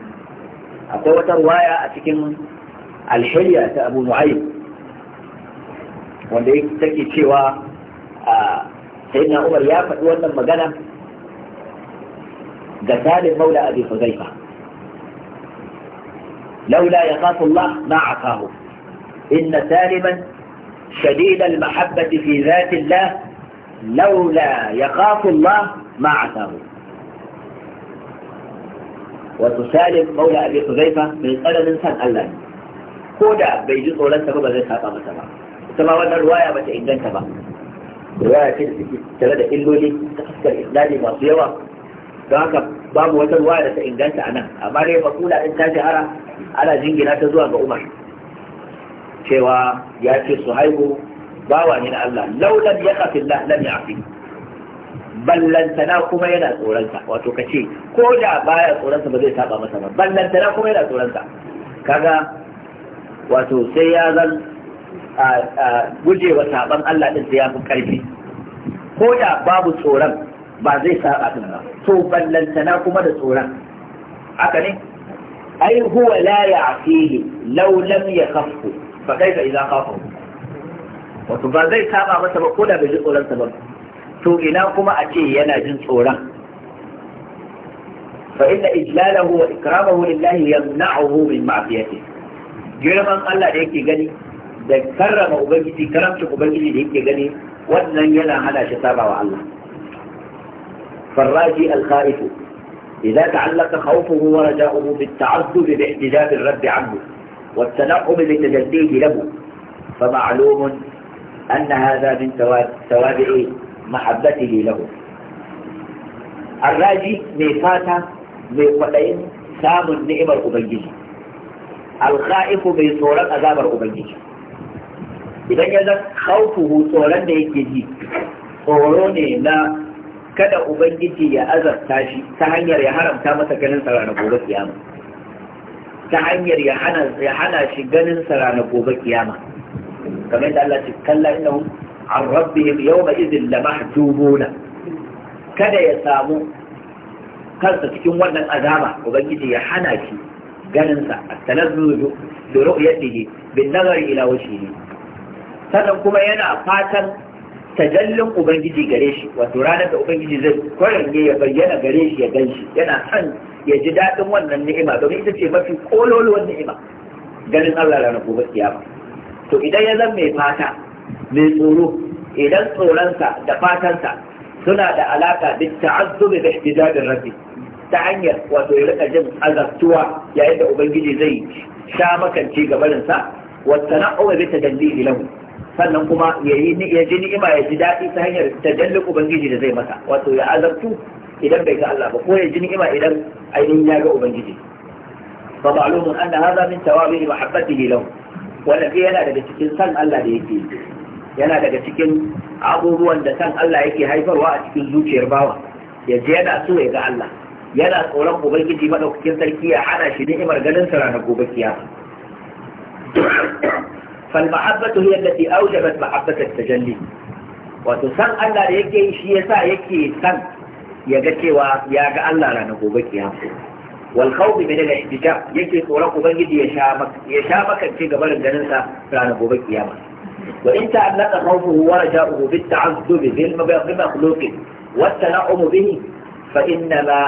akwai wata waya a cikin alhiliya ta abu mu'ayyib wanda take cewa ah, na umar ya faɗi wannan magana ده سالم مولى أبي حذيفة لولا يخاف الله ما عصاه إن سالما شديد المحبة في ذات الله لولا يخاف الله ما عصاه وتسالم مولى أبي حذيفة من قلب إنسان الله كودا بيجي قولن سبب زي سابا مسابا كما وانا رواية بتعدن سبا رواية تلد تلك إلولي تفكر إخلالي مصيرة don haka babu wata ruwa da ta inganta a nan amma dai makula ɗin ta shahara ana jingina ta zuwa ga umar cewa ya ce su haihu bawa ne na Allah laulan ya kafi lam ya afi ballantana kuma yana tsoronsa wato ka ce ko da baya tsoronsa ba zai saba masa ba ballantana kuma yana tsoronsa kaga wato sai ya zan gujewa wa saban Allah din sai ya fi karfi ko da babu tsoron ba zai sa din ba to ballantana kuma da tsoron haka ne ai huwa la ya'tihi law lam yakhafu fa kaifa idza khafa wato ba zai saba masa ba ko da bai ji tsoron sa ba to ina kuma a ce yana jin tsoron fa inna ijlalahu wa ikramahu lillahi yamna'uhu min ma'siyatihi girman Allah da yake gani da karrama ubangiji karamcin ubangiji da yake gani wannan yana hana shi saba wa Allah فالراجي الخائف إذا تعلق خوفه ورجاؤه بالتعذب باحتجاب الرب عنه والتنعم بتجديه له فمعلوم أن هذا من توابع محبته له الراجي ميفاتا ميقتين سام النئم الأبنجي الخائف صورة أذاب الأبنجي إذا يزد خوفه صورا نيكي صورة لا kada ubangiji ya azabta shi ta hanyar ya haramta masa ganin sa ranar gobe kiyama ta hanyar ya hana ya hana shi ganin sa ranar gobe kiyama kamar da Allah ya kalla innahum an rabbihim yawma idhin lamahjubuna kada ya samu kansa cikin wannan azaba ubangiji ya hana shi ganin sa at-tanazzuju bi ru'yatihi bin nazari ila wajhihi sannan kuma yana fatan tajallin ubangiji gare shi wato ranar da ubangiji zai kwarange ya bayyana gare shi ya gan shi yana son ya ji daɗin wannan ni'ima domin ita ce mafi kololuwar ni'ima ganin Allah ranar gobe kiyama to idan ya zan mai fata mai tsoro idan tsoronsa da fatansa suna da alaka da ta'azzumi da ihtidadin rabbi ta hanyar wato ya rika jin azabtuwa yayin da ubangiji zai sha makanci sa wa tana'u bi tadallili lahu sannan kuma ya ji ni'ima ya ji daɗi ta hanyar tajallin ubangiji da zai masa wato ya azabtu idan bai ga Allah ba ko ya ji ni'ima idan ainihin ya ga ubangiji fa ma'lumun anna hadha min tawabi mahabbatihi lahu wannan dai yana daga cikin san Allah da yake yana daga cikin abubuwan da san Allah yake haifarwa a cikin zuciyar bawa ya ji yana so ya ga Allah yana tsoron ubangiji madaukakin sarki ya hana shi ni'imar ganin sa ranar gobe kiyama فالمحبة هي التي أوجبت محبة التجلي وتسن الله يكي شيسا يكي سن يجكي وياك الله لنقوبك يا والخوف من الاحتجاب يكي صورك بنجدي يشامك يشامك في قبل الجنسة لنقوبك القيامة وإن تعلق خوفه ورجاؤه بالتعذب بمخلوق والتنعم به فإنما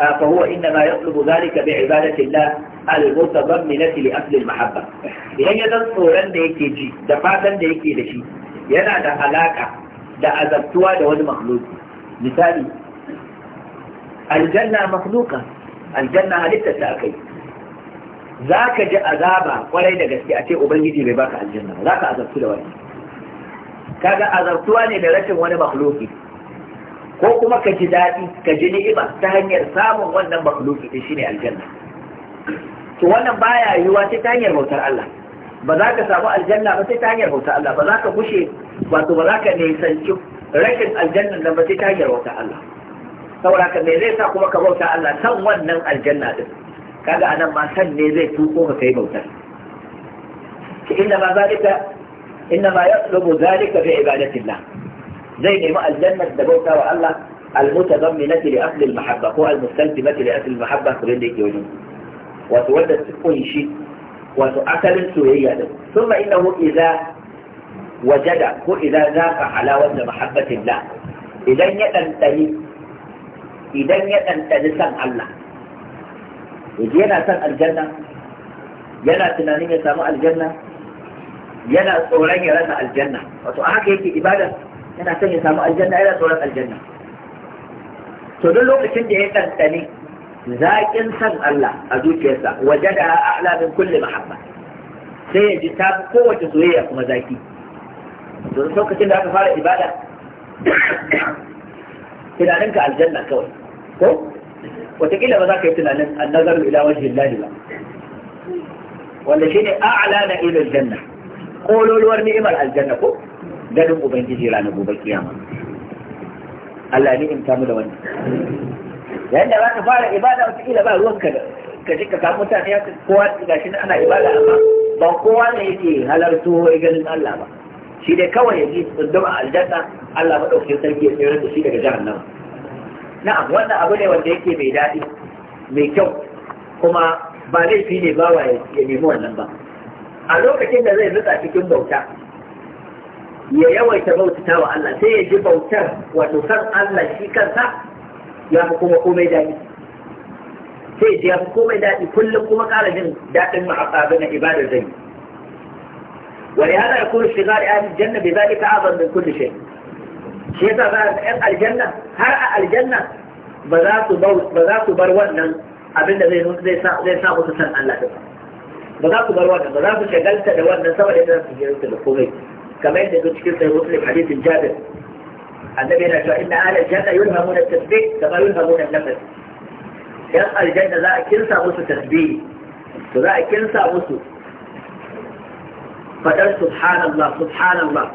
فهو إنما يطلب ذلك بعبادة الله المتضمنة لأصل المحبة إذا يدن صورا da yake ji da fatan da yake da yana da alaka da azabtuwa da wani makhluki misali aljanna makhluka aljanna halitta ta akai zaka ji azaba kwarai da gaske a ce ubangiji bai baka aljanna ba zaka azabtu da azabtuwa ne da rashin wani makhluki ko kuma ka ji daɗi ka ji ni'ima ta hanyar samun wannan makhluki din shine aljanna to wannan baya yiwuwa sai ta hanyar bautar Allah ba za ka samu aljanna ba sai ta hanyar bautar Allah ba za ka gushe wato ba za ka nisanci rashin aljanna nan ba sai ta hanyar bautar Allah saboda ka me zai sa kuma ka bauta Allah san wannan aljanna din kaga anan ma san ne zai tuko ka kai bautar inna ma zalika inna ma yatlubu zalika bi ibadatillah زي ما قال الجنة دبوتا وقال لك المتضمنة لأكل المحبة هو المستلزمة لأكل المحبة خلالك يوجد وتودت كل شيء وتأكل سوية ثم إنه إذا وجد هو إذا ذاق حلاوة محبة الله إذا يتنتهي إذا يتنتهي سمع الله إذا يتنتهي الجنة yana tunanin ya samu aljanna yana tsoron ya rasa aljanna wato a haka yake ibada yana son ya samu aljanna yana tsoron aljanna to duk lokacin da ya kankane zaƙin san Allah a zuciyarsa waje da a'la min kulli mahabba sai ya ji ta kowace soyayya kuma zaki to duk lokacin da aka fara ibada tunaninka aljanna kawai ko wataƙila ba za ka yi tunanin annazaru ila wajhi Allah ba wanda ne a'la na ilal janna kololuwar ni'imar aljanna ko ganin ubangiji ranar gobe kiyama Allah ne in kamu da wani yayin da zaka fara ibada wata kila ba ruwanka da ka ji ka samu mutane ya kowa ga shi ana ibada amma ba kowa ne yake halarto ya ganin Allah ba shi dai kawai ya ji tsundum a aljanna Allah dauke sarki ya tsere da shi daga jahannama na'am wannan abu ne wanda yake mai daɗi mai kyau kuma ba laifi ne ba wa ya nemi wannan ba a lokacin da zai rutsa cikin bauta ya yawaita bautata wa Allah sai ya ji bautar wato san Allah shi kansa ya fi kuma komai daɗi sai ya fi komai daɗi kullum kuma ƙara jin daɗin ma'asabi na ibadar zai wa ya hada janna bi zalika azam min kulli shay shi اشتغال أهل الجنة بذلك أعظم من كل شيء شيء هذا الجنة ba za بذات bar wannan abin da zai zai sa zai sa ku san Allah ba za ku bar wannan ba za ku shagalta da wannan saboda yadda za su girma da komai kamar yadda zuwa cikin sayar muslim hadisin jabir annabi yana cewa inna ahlal janna yulhamuna tasbih kama yulhamuna nafas yan aljanna za a kinsa musu tasbih to za kinsa musu fadar subhanallah subhanallah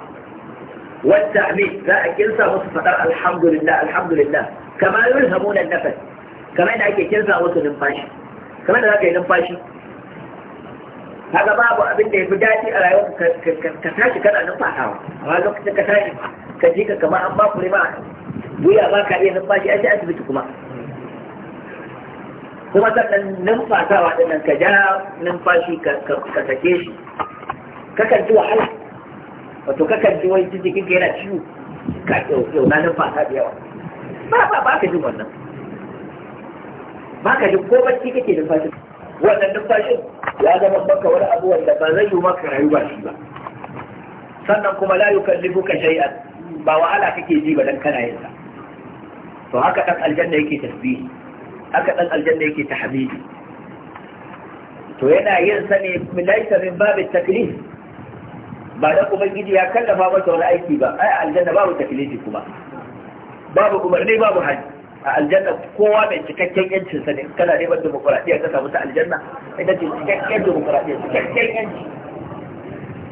والتعميد لا كنسى الحمد لله الحمد لله كما يلهمون النفس كما ينعكي كنسى مصفر النفاش كما ينعكي النفاش kaga babu abin da yafi dadi a rayuwa ka tashi kana numfasawa amma lokacin ka tashi ka ji ka kamar an ba ku rima buya ba ka iya numfashi a asibiti kuma kuma sannan numfasawa din nan ka ja numfashi ka sake shi kakan ji wahala wato kakan ji wani jiki ka yana ciwo ka yau na numfasa da yawa ba ba ba ka ji wannan ba ka ji, ko bacci kake numfashi wannan numfashin ya zama maka wani abu wanda ba zai yi maka rayuwa shi ba sannan kuma la yukallifuka shay'an ba wahala kake ji ba dan kana yin sa to haka dan aljanna yake tasbihi haka dan aljanna yake tahmidi to yana yin sa ne laisa min babu taklif ba da ubangiji ya kallafa masa wani aiki ba ai aljanna babu taklifi kuma babu umarni babu hajji a aljanna kowa mai cikakken yancin sa ne kana neman demokuraɗiyya ka samu ta aljanna ita ce cikakken demokuraɗiyya cikakken yanci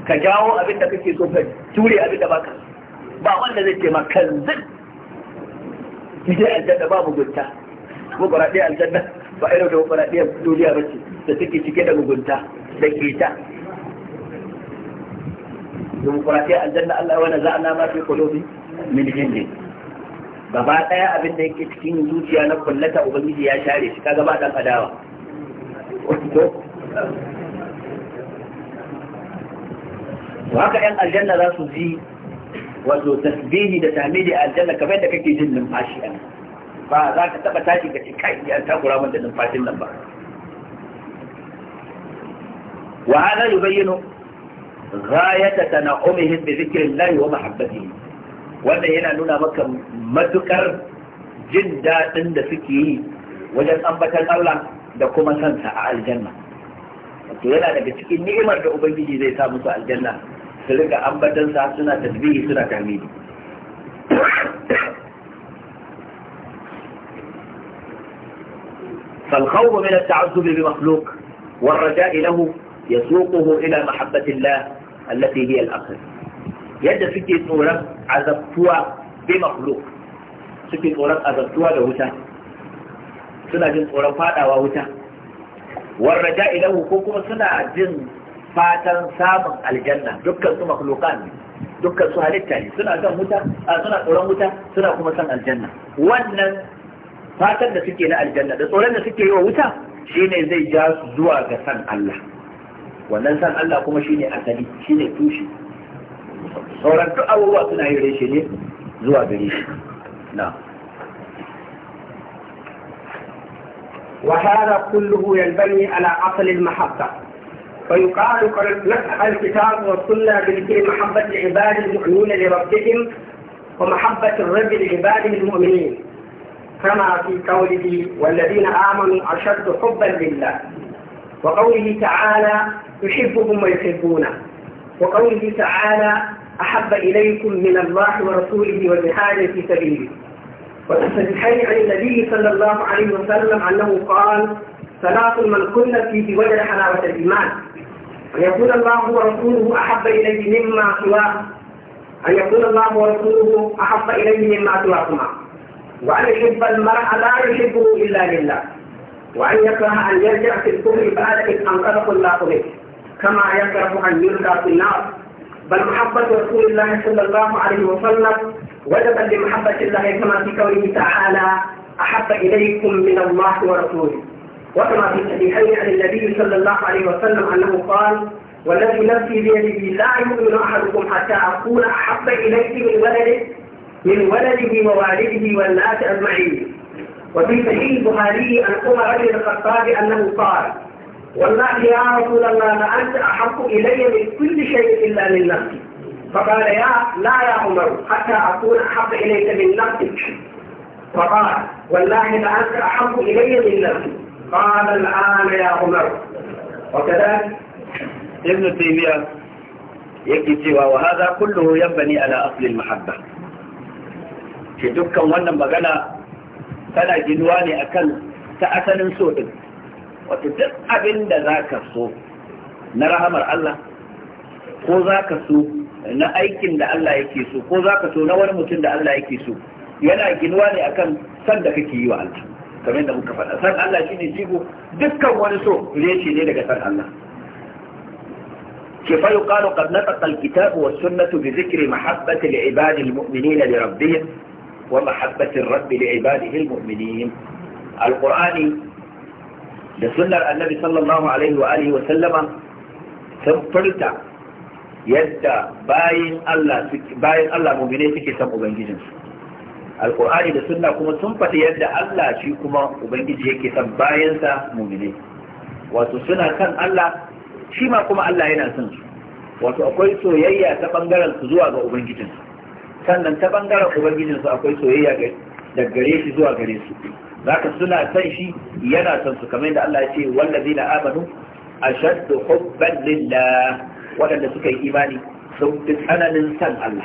ka jawo abin da kake so ka ture abin da baka ba wanda zai ce maka kanzin ita aljanna ba mugunta demokuraɗiyya aljanna ba irin demokuraɗiyyar duniya ba ce da take cike da mugunta da keta demokuraɗiyyar aljanna Allah wani za'ana ma fi kulubi min jindin gaba ɗaya abin da yake cikin zuciya na kullata ubangiji ya share shi kaga ba dan adawa to haka yan aljanna za su ji wato tasbihi da tahmidi aljanna kamar da kake jin numfashi a ba za ka taɓa tashi ka ci kai ya takura wanda numfashin nan ba wa hada yubayyinu ghayata tana'umihim bi dhikrillah wa mahabbatihi wannan yana nuna maka matukar jin daɗin da suke yi wajen ambatan Allah da kuma santa a aljanna to yana daga cikin ni'imar da ubangiji zai sa musu aljanna su riga rika sa suna tasbihi suna tahmidi فالخوف من التعذب بمخلوق والرجاء له يسوقه إلى محبة الله التي هي الأصل yadda suke tsoron azabtuwa bai makulo, suke tsoron azabtuwa da wuta suna jin tsoron fadawa wuta warra ilahu ko kuma suna jin fatan samun aljanna dukkan su makhluqan ne dukkan su halitta ne suna son wuta suna tsoron wuta suna kuma son aljanna wannan fatan da suke na aljanna da tsoron da suke yi wa wuta shine zai ja su zuwa ga san Allah wannan san Allah kuma shine asali shine tushe وهذا كله ينبني على أصل المحبة فيقال قد نفع الكتاب والسنة بذكر محبة عباد المؤمنين لربهم ومحبة الرب لعباده المؤمنين كما في قوله والذين آمنوا أشد حبا لله وقوله تعالى يحبهم ويحبونه وقوله تعالى أحب إليكم من الله ورسوله وجهاد في سبيله وفي الحي عن النبي صلى الله عليه وسلم أنه قال ثلاث من كن فيه وجد حلاوة الإيمان أن يكون الله ورسوله أحب إليه مما سواه أن يكون الله ورسوله أحب إليه مما سواهما وأن يحب المرء لا يحبه إلا لله وأن يكره أن يرجع في الكفر بعد إذ أنقذه الله به كما يكره أن يلقى في النار بل محبة رسول الله صلى الله عليه وسلم وجبا لمحبة الله كما في قوله تعالى أحب إليكم من الله ورسوله وكما في الصحيحين عن النبي صلى الله عليه وسلم أنه قال والذي نفسي بيده لا يؤمن أحدكم حتى أكون أحب إليه من ولده من ولده ووالده والناس أجمعين وفي صحيح البخاري عن عمر بن الخطاب أنه قال والله يا رسول الله لأنت أحق إلي من كل شيء إلا من نفسي فقال يا لا يا عمر حتى أكون أحق إليك من نفسك فقال والله لأنت أحق إلي من نفسي قال الآن يا عمر وكذلك ابن تيمية يكي سوى وهذا كله ينبني على أصل المحبة في دكا وانا dukkan فلا magana أكل ginuwa من سوء wato duk abin da za ka so na rahamar Allah ko za ka so na aikin da Allah yake so ko za ka so na wani mutum da Allah yake so yana ginuwa ne akan san da kake yi wa Allah kamar yadda muka faɗa san Allah shi ne jigo dukkan wani so reshe ne daga san Allah كيف يقال قد نطق الكتاب والسنة بذكر محبة العباد المؤمنين لربهم ومحبة الرب لعباده المؤمنين القرآن da sunnar annabi sallallahu alaihi wa alihi wa sallama sun furta yadda bayin Allah bayin Allah mu'mine suke san ubangijinsu alqur'ani da sunna kuma sun fata yadda Allah shi kuma ubangiji yake san bayansa mu'mine wato suna kan Allah shi ma kuma Allah yana son su wato akwai soyayya ta bangaren su zuwa ga ubangijinsu sannan ta bangaren ubangijinsu akwai soyayya da gare shi zuwa gare su zaka suna san shi yana son su kamar yadda Allah ya ce wallazina amanu ashaddu hubban lillah wadanda suka yi imani sun fi tsananin san Allah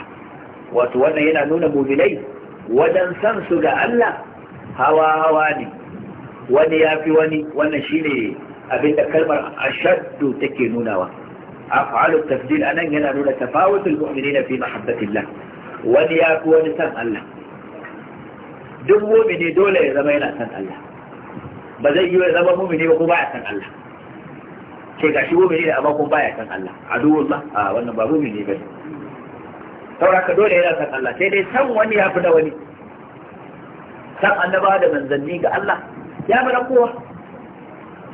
wato wannan yana nuna mu'minai wajen san su ga Allah hawa hawa ne wani ya fi wani wannan shine abinda kalmar ashaddu take nunawa af'alu tafdil anan yana nuna tafawutul mu'minina fi mahabbatillah wani ya fi wani san Allah duk mumini dole ya zama yana san Allah ba zai yi ya zama mumini ba ko baya san Allah ke gashi mumini da amma kuma baya san Allah aduwullah a wannan ba mumini bane ka dole yana san Allah sai dai san wani ya fi na wani san annaba da manzanni ga Allah ya fi na kowa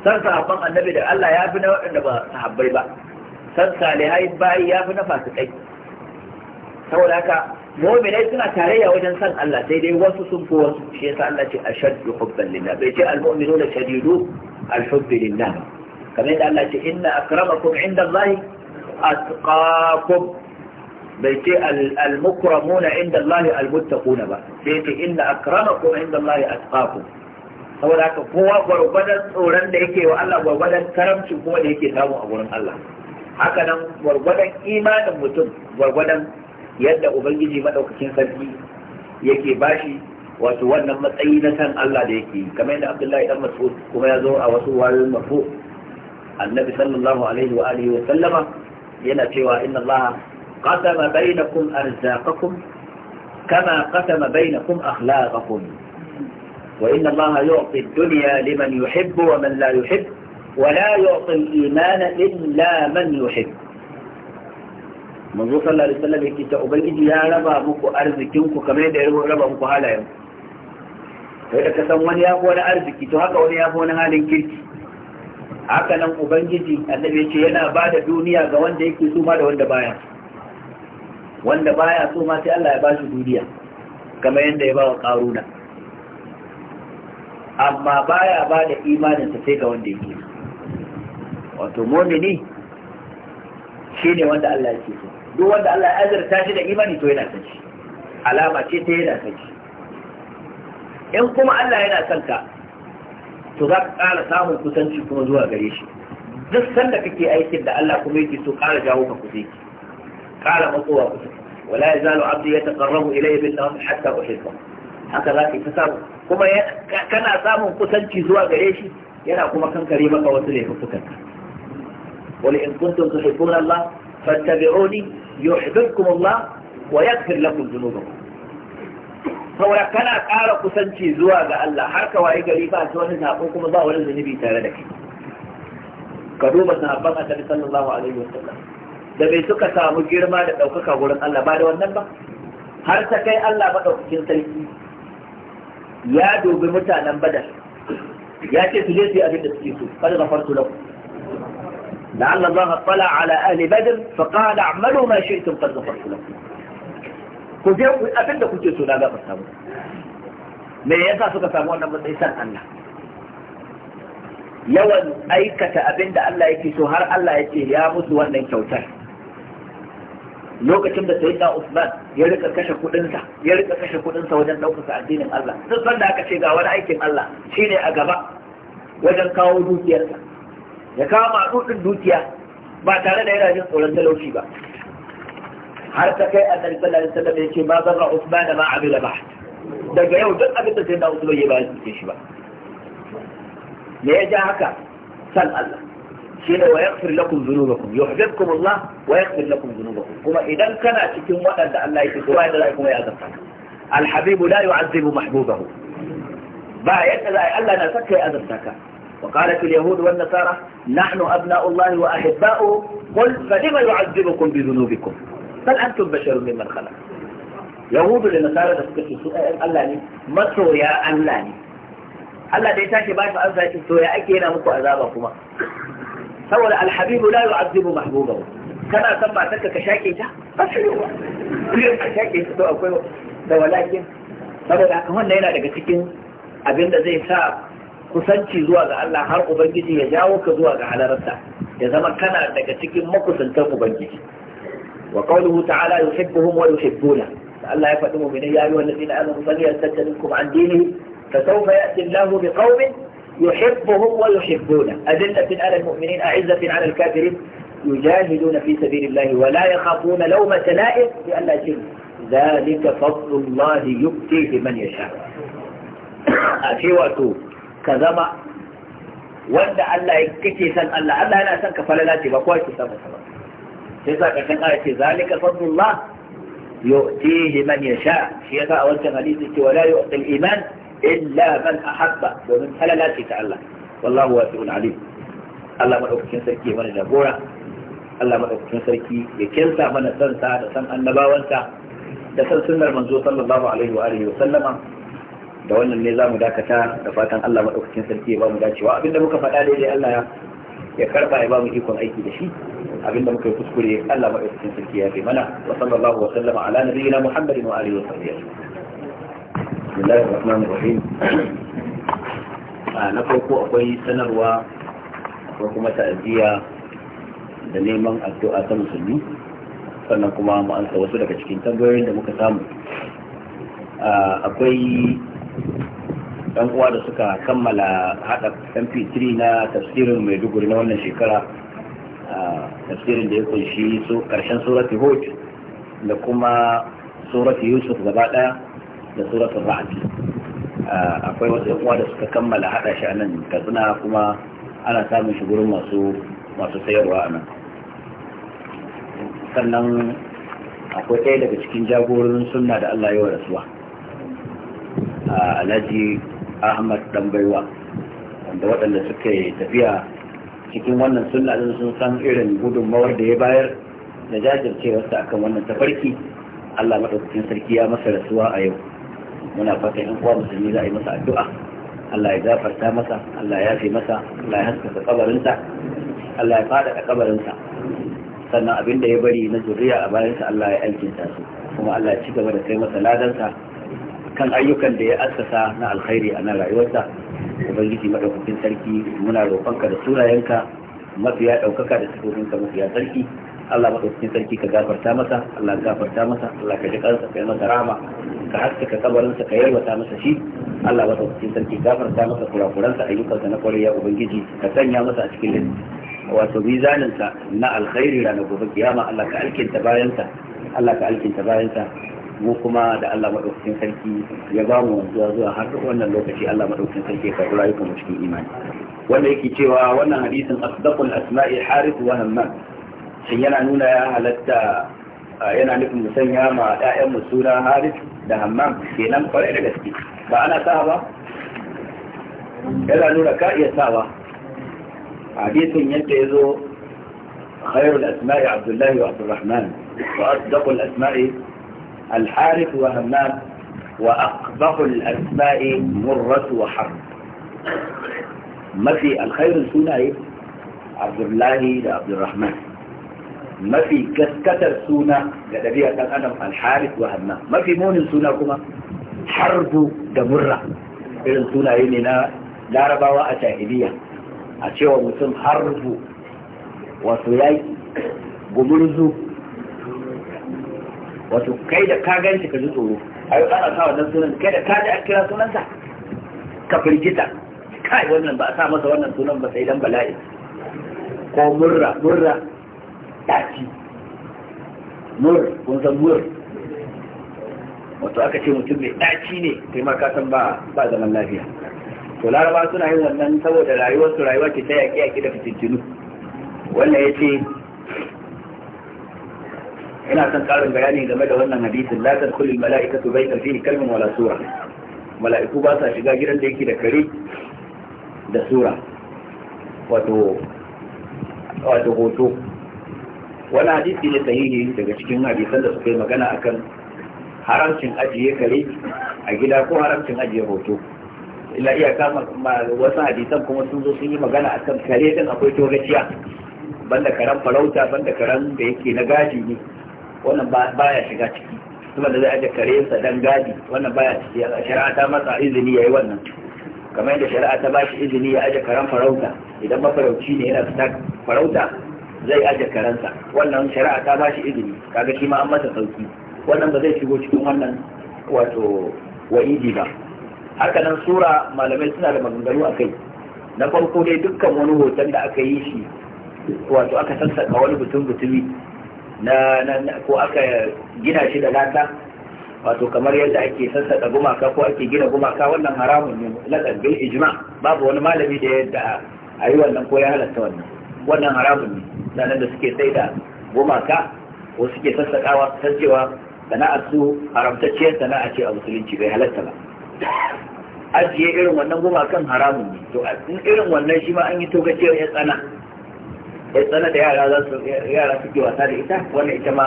san sahabban annabi da Allah ya fi na waɗanda ba sahabbai ba san salihai bayi ya fi na fasikai saboda haka mu'minai suna tarayya wajen san Allah sai dai wasu sun fi wasu shi yasa Allah ce ashaddu hubban lillah bai ce al-mu'minuna shadidu al-hubb lillah kamar yadda Allah ce inna akramakum inda Allah atqakum bai ce al-mukramuna inda Allah al-muttaquna ba sai ce inna akramakum inda Allah atqakum saboda haka kowa gwargwadon tsoron da yake wa Allah gwargwadon karamcin kuma da yake samu a gurin Allah haka nan gwargwadon imanin mutum gwargwadon yadda ubangiji madaukakin sarki yake bashi wato wannan matsayi na san Allah da yake kamar yadda Abdullahi dan Mas'ud kuma ya zo a wasu wayoyin mafu annabi sallallahu alaihi wa alihi wa sallama yana cewa inna Allah qasama bainakum arzaqakum kama qasama bainakum akhlaqakum wa inna Allah yu'ti ad-dunya liman yuhibbu wa man la yuhibbu wa la yu'ti al-imana illa man yuhibbu manzo sallallahu alaihi wasallam yake ta ubangiji ya raba muku arzikin ku kamar yadda ya raba muku halayen kai da kasan wani ya fi wani arziki to haka wani ya fi wani halin kirki haka nan ubangiji annabi yake yana ba da duniya ga wanda yake so ma da wanda baya wanda baya so ma sai Allah ya ba shi duniya kamar yadda ya ba wa karuna amma baya ba da imaninsa sai ga wanda yake wato mumini shine wanda Allah yake so duk wanda Allah ya azurta shi da imani to yana saki. alama ce ta yana saki. in kuma Allah yana son ka to za ka ƙara samun kusanci kuma zuwa gare shi duk sanda kake aikin da Allah kuma yake so ƙara jawo ka kusa yake ƙara matsowa kusa wala ya zalo abdu ya taqarrabu ilayya bil nawm hatta uhibba haka za ka samu kuma kana samun kusanci zuwa gare shi yana kuma kankare maka wasu laifukan ka wal in kuntum tuhibbuna Allah fattabi'uni yuhibbukum Allah wa yaghfir lakum dhunubakum saboda kana ƙara kusanci zuwa ga Allah har ka waye gari ba ta wani sako kuma ba wani zunubi tare da kai ka duba sahabban annabi sallallahu alaihi wasallam da bai suka samu girma da ɗaukaka wurin Allah ba da wannan ba har ta kai Allah maɗaukakin sarki ya dubi mutanen badar ya ce su je su yi abin da suke so kada na farko lau لعل الله اطلع على أهل بدر فقال اعملوا ما شئتم قد غفرت لكم ku je ku abin da kuke so na ga samu me yasa suka samu wannan matsayi san Allah yawan aikata abin da Allah yake so har Allah yake ya musu wannan kyautar lokacin da Sayyida Usman ya rika kashe kuɗinsa ya rika kashe wajen daukar addinin Allah duk sanda aka ce ga wani aikin Allah shine a gaba wajen kawo dukiyarsa ya kawo maɗuɗin dukiya ba tare da yana jin tsoron talauci ba har ta kai annabi sallallahu alaihi wasallam ya ce ma zarra usman ma amila ba daga yau duk abin da sai na usman ya ba shi shi ba me ya ja haka san Allah shine wa yaghfir lakum dhunubakum yuhibbukum Allah wa yaghfir lakum dhunubakum kuma idan kana cikin waɗanda Allah yake so da kuma ya azabta al-habibu la yu'azzibu mahbubahu ba yadda Allah na saka ya azabta ka وقالت اليهود والنصارى نحن أبناء الله وأحباؤه قل فلما يعذبكم بذنوبكم بل أنتم بشر ممن خلق يهود للنصارى تسكت سؤال ألاني ما سوء يا ألاني ألا تيساك باش أنسى يتسوء يا أكينا مكو أذابكما سولا الحبيب لا يعذب محبوبه كما تبع تلك كشاكي جا فشلوه ولكن سولا هنا لقد تكين أبين ساق kusanci zuwa ga Allah har ubangiji ya jawo ka zuwa ga halararsa ya zama kana daga cikin makusantan ubangiji wa qawluhu ta'ala yuhibbuhum wa yuhibbuna Allah ya faɗi mu'minai ya yi wallazi na amanu fal yastajibukum an dinihi fa sawfa ya'ti Allahu bi qaumin yuhibbuhum wa yuhibbuna adilla fi al-mu'minin a'izzatin 'ala al-kafirin yujahiduna fi يجاهدون wa la yakhafuna ولا يخافون bi an لئلا يجب ذلك فضل الله يؤتيه من يشاء أشيوة ka zama wanda Allah ya kake san Allah Allah yana son ka falala ce ba kowa ke san masa ba sai sa karshen aya ce zalika fadlullah yu'tihi man yasha shi yasa a wancan hadisi ce wala yu'til iman illa man ahabba domin falala ce ta Allah wallahu wasi'un alim Allah madaukakin sarki mana jagora Allah madaukakin sarki ya kinsa mana san sa da san annabawansa da san sunnar manzo sallallahu alaihi wa alihi wa sallama da wannan ne za mu dakata da fatan Allah maɗaukacin sarki ya ba mu dacewa abinda muka faɗa daidai Allah ya karba ya ba mu ikon aiki da shi abinda muka yi kuskure Allah maɗaukacin sarki ya fi mana wa sallallahu wa sallama ala nabiyyina Muhammadin wa alihi wa sahbihi Bismillahir Rahmanir Rahim ah, na farko akwai sanarwa akwai kuma ta'aziyya da neman addu'a ta musulmi sannan kuma mu ansa wasu daga cikin tambayoyin da muka samu ah, akwai ɗan uwa da suka kammala haɗa mp3 na tafsirin mai duguri na wannan shekara tafsirin da ya kunshi ƙarshen surati hud da kuma surati yusuf gaba ɗaya da surati ra'ad akwai wasu yan uwa da suka kammala haɗa shi a nan katsina kuma ana samun shi gurin masu masu sayarwa a nan sannan akwai ɗaya daga cikin jagororin sunna da allah ya wa rasuwa alhaji ahmad dambaiwa wanda waɗanda suka yi tafiya cikin wannan sunna sun san irin gudunmawar da ya bayar da jajircewarsa akan wannan tafarki allah maɗaukacin sarki ya masa rasuwa a yau muna fatan yan uwa musulmi za a yi masa addu'a allah ya zafarta masa allah ya fi masa allah ya haskaka kabarinsa allah ya faɗaɗa kabarinsa sannan abin da ya bari na zuriya a bayansa allah ya aikinta su kuma allah ya ci gaba da kai masa ladansa kan ayyukan da ya assasa na alkhairi a nan rayuwarsa ubangiji madaukakin sarki muna roƙonka da sunayenka mafiya ɗaukaka da sifofinka mafiya sarki Allah madaukakin sarki ka gafarta masa Allah gafarta masa Allah ka ji kansa ka yi masa rama ka haska haskaka kabarinsa ka yalwata masa shi Allah madaukakin sarki gafarta masa kurakuransa ayyukansa na kwarai ubangiji ka sanya masa a cikin wato mizaninsa na alkhairi ranar gobe kiyama Allah ka alkinta bayansa Allah ka alkinta bayansa mu kuma da Allah madaukakin sarki ya ba mu zuwa zuwa har wannan lokaci Allah madaukakin sarki ya karɓi rayukan mu cikin imani wanda yake cewa wannan hadisin asdaqul asma'i harith wa hamman shin yana nuna ya halatta yana nufin mu sanya ma ɗayan mu suna harith da ke kenan kwarai da gaske ba ana sa ba yana nuna ka iya sawa hadisin yadda ya zo khairul asma'i abdullahi wa abdurrahman wa asdaqul asma'i الحارث وهمام وأقبح الأسماء مرة وحرب mafi alkhairin sunaye abdullahi da abdurrahman mafi gaskatar suna ga ɗabi'a ɗan adam alharis wa mafi munin suna kuma harbu da murra irin sunaye ne na larabawa a jahiliya a cewa mutum harbu wato yaƙi gumurzu wato kai da ka gan shi ka ji tsoro a yi ana sa wannan sunan kai da ka ji an kira sunansa ka firgita kai wannan ba a sa masa wannan sunan ba sai dan bala'i ko murra murra daci mur kun san mur wato aka ce mutum mai daci ne kai ma ka san ba ba zaman lafiya to laraba suna yin wannan saboda rayuwarsu rayuwa ce ta yaƙi yaƙi da fitintinu wannan ya ce ina son karin bayani game da wannan hadisin la tadkhulu al mala'ikatu baita fihi kalmun wala sura mala'iku ba sa shiga gidan da yake da kare da sura wato wato hoto wani hadisi ne sahihi daga cikin hadisan da suka yi magana akan haramcin ajiye kare a gida ko haramcin ajiye hoto illa kama wasu hadisan kuma sun zo sun yi magana akan kare din akwai togaciya banda karen farauta banda karen da yake na gaji ne wannan baya shiga ciki kuma da za a kare sa dan gadi wannan baya ciki a shari'a ta matsa izini yayi wannan kamar yadda shari'a ta bashi izini ya aje karan farauta idan mafarauci ne yana fita farauta zai aje karensa wannan shari'a ta bashi izini kaga shi ma an masa sauki wannan ba zai shigo cikin wannan wato wa'idi ba haka nan sura malamai suna da maganganu a kai na farko dai dukkan wani hoton da aka yi shi wato aka sassaka wani butun butumi na ko aka gina shi da lata wato kamar yadda ake sassaɗa gumaka ko ake gina gumaka wannan haramun ne laƙar bil ijma babu wani malami da yadda a yi wannan ko ya halatta wannan wannan haramun ne sanan da suke sai da gumaka ko suke sassaƙawa sassewa sana'ar su haramtacciyar sana'a ce a musulunci bai halatta ba ajiye irin wannan gumakan haramun ne to a irin wannan shi ma an yi togaciyar ya tsana bai sanar da yara za su yara suke wasa da ita wannan ita ma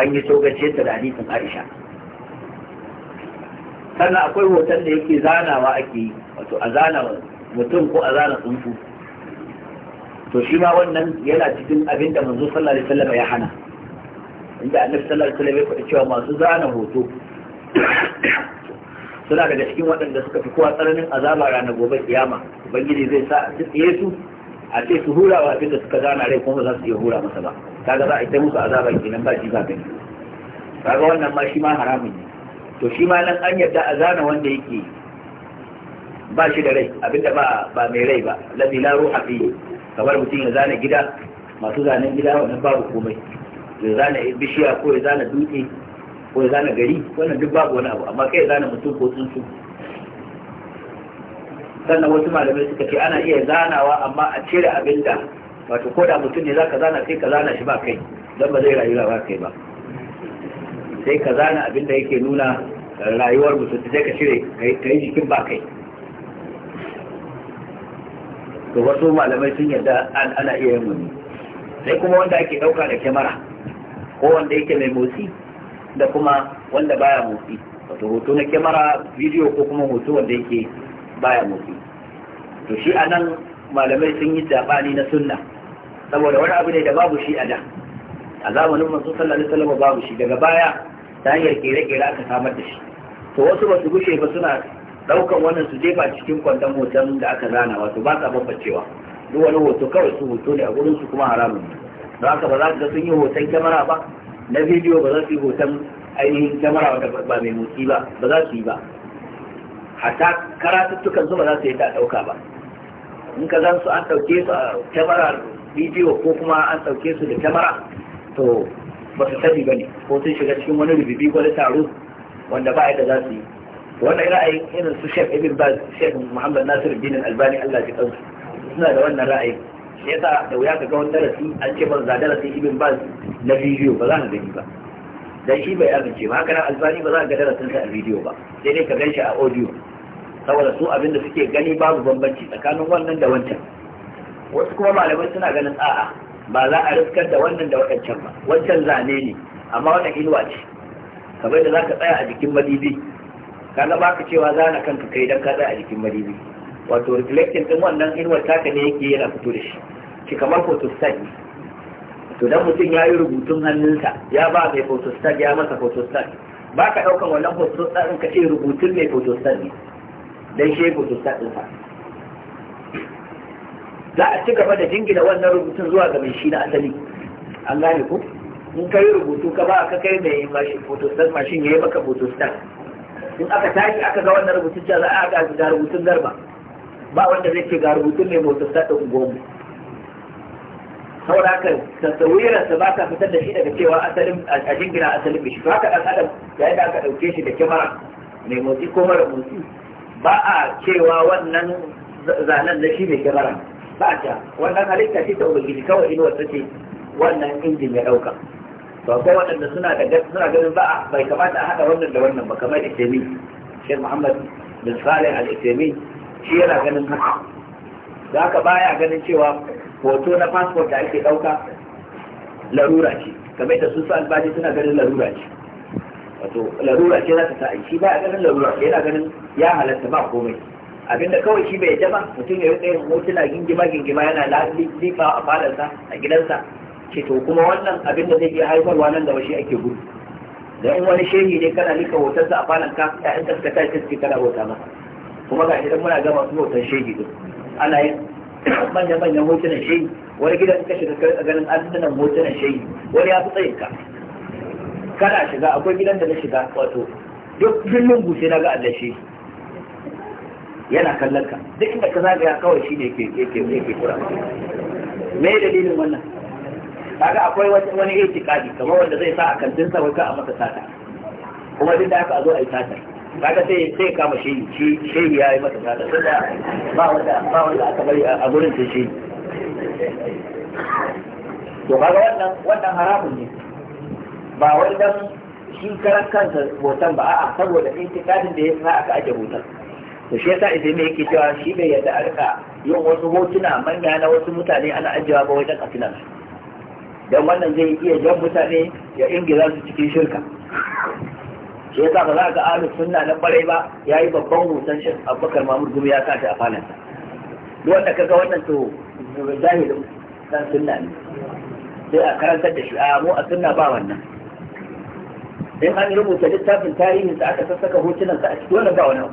an yi togace ta da hadisin Aisha sannan akwai hoton da yake zanawa ake yi wato a zana mutum ko a zana tsuntsu to shi ma wannan yana cikin abin da manzo sallallahu alaihi wasallam ya hana inda annabi sallallahu alaihi wasallam ya faɗi cewa masu zana hoto suna daga cikin waɗanda suka fi kowa tsananin azaba ranar gobe kiyama ubangiji zai sa a tsiye su a ce su hura wa abinda suka zana rai kuma za su iya hura masa ba kaga za a ita musu azaba nan ba shi ba gani kaga wannan ma shi ma haramun ne to shi ma nan an yadda a zana wanda yake ba shi da rai abinda ba ba mai rai ba lazi la ruha fi kamar mutum ya zana gida masu zanen gida wannan babu komai ya zana bishiya ko ya zana dutse ko ya zana gari wannan duk babu wani abu amma kai ya zana mutum ko tsuntsu sannan wasu malamai suka ce ana iya zanawa amma a cire abin da wato ko da mutum ne zaka zana sai ka zana shi ba kai don ba zai rayu ba kai ba sai ka zana abin da yake nuna rayuwar mutum sai ka cire ka yi jikin ba kai to wasu malamai sun yarda ana iya yin wani sai kuma wanda ake ɗauka da kyamara ko wanda yake mai motsi da kuma wanda baya motsi wato hoto na kyamara bidiyo ko kuma hoto wanda yake baya mutu to shi anan malamai sun yi sabani na sunna saboda wani abu ne da babu shi a da a zamanin manzo sallallahu alaihi wasallam babu shi daga baya ta hanyar kere-kere aka samar da shi to wasu ba su gushe ba suna daukan wannan su jefa cikin kwandon hoton da aka zana wato ba sa bambancewa duk wani hoto kawai su hoto ne a gurin su kuma haramun ne don haka ba za ka sun yi hoton kyamara ba na bidiyo ba za su yi hoton ainihin kyamara da ba mai motsi ba ba za su yi ba Hata karatuttukan zuma za su yi ta ɗauka ba in ka zan su an ɗauke su a kyamarar bidiyo ko kuma an ɗauke su da kyamara to ba su sani ba ne ko sun shiga cikin wani rububi wani taro wanda ba da za su yi wannan ra'ayin irin su shek ibn baz shek muhammad nasir bin albani allah ya kansu suna da wannan ra'ayin shi yasa da wuya ka ga wani darasi an ce ban za darasi ibn baz na bidiyo ba za ka gani ba dan shi bai amince ba haka nan albani ba za ka ga darasin a bidiyo ba sai dai ka gan shi a audio saboda su abinda suke gani babu bambanci tsakanin wannan da wancan wasu kuma malamai suna ganin a'a ba za a riskar da wannan da waɗancan ba wancan zane ne amma wannan inuwa ce kamar da za ka tsaya a jikin madidi kaga baka ka cewa zana kanka kai dan ka tsaya a jikin madidi wato reflecting din wannan inuwar taka ne yake yana fito da shi shi kamar photostat ne to dan mutum ya yi rubutun hannunsa ya ba mai photostat ya masa photostat ba ka ɗaukan wannan photostat ka ce rubutun mai photostat ne dan shehu tusta ɗinsa za a ci gaba da jingina wannan rubutun zuwa ga mai shi na asali an gane ku? in ka yi rubutu ka ba ka kai mai fotostat mashin ya yi maka fotostat in aka tashi aka ga wannan rubutun za a ga ga rubutun garba ba wanda zai ce ga rubutun mai fotostat da unguwanmu saboda haka tasawirar sa ba ka fitar da shi daga cewa asalin a jingina asalin bishi to haka ɗan adam yayin da aka ɗauke shi da kyamara mai motsi ko mara motsi ba a cewa wannan zanen na shi mai kyamara ba a cewa wannan halitta ce ta ubangiji kawai inuwar wata ce wannan injin ya ɗauka to akwai waɗanda suna da suna ganin ba bai kamata a haɗa wannan da wannan ba kamar Isemi shi Muhammad bin Saleh al-Isemi shi yana ganin haka da haka baya ganin cewa hoto na passport da ake ɗauka larura ce kamar da su su albaji suna ganin larura ce wato larura ce za ta sa shi ba a ganin larura ce yana ganin ya halatta ba komai abinda kawai shi bai jama mutum ya rika yin hotuna gingima gingima yana lifa a falansa a gidansa ce to kuma wannan abin da zai iya haifarwa nan gaba shi ake gudu da in wani shehi ne kana lika hotonsa a ka ya'yan ka ta tashi suke kana hota masa kuma ga idan muna gama su hoton shehi din ana yin manya manyan hotunan shehi wani gidan suka shiga ganin addunan hotunan shehi wani ya fi tsayinka. kana shiga akwai gidan da na shiga wato duk filin gushe na ga allashe yana kallon ka duk inda ka zagaya kawai shi ne ke ke ke ke kura me dalilin wannan kaga akwai wani wani itikadi kamar wanda zai sa a kantin sa wai ka a masa sata kuma duk da aka zo a yi tata kaga sai sai kama shi shi shi ya yi masa sata sai ba wanda ba wanda aka bari a gurin shi shi to kaga wannan wannan haramun ne ba wai dan shi karan kansa hoton ba a'a saboda intikadin da ya sa aka aje hoton to shi yasa idan me yake cewa shi bai yarda a rika yin wasu hotuna manya na wasu mutane ana ajewa ba dan afinan dan wannan zai iya jan mutane ya ingiza su cikin shirka shi yasa ba za ga ahlu sunna na kwarai ba yayi babban hoton shi Abubakar mamur Gumi ya sa a falon duk wanda kaga wannan to zahirin dan sunna ne sai a karantar da shi a mu a sunna ba wannan sai an rubuta littafin tarihin sa aka sassaka hotunan sa a cikin wannan ba wani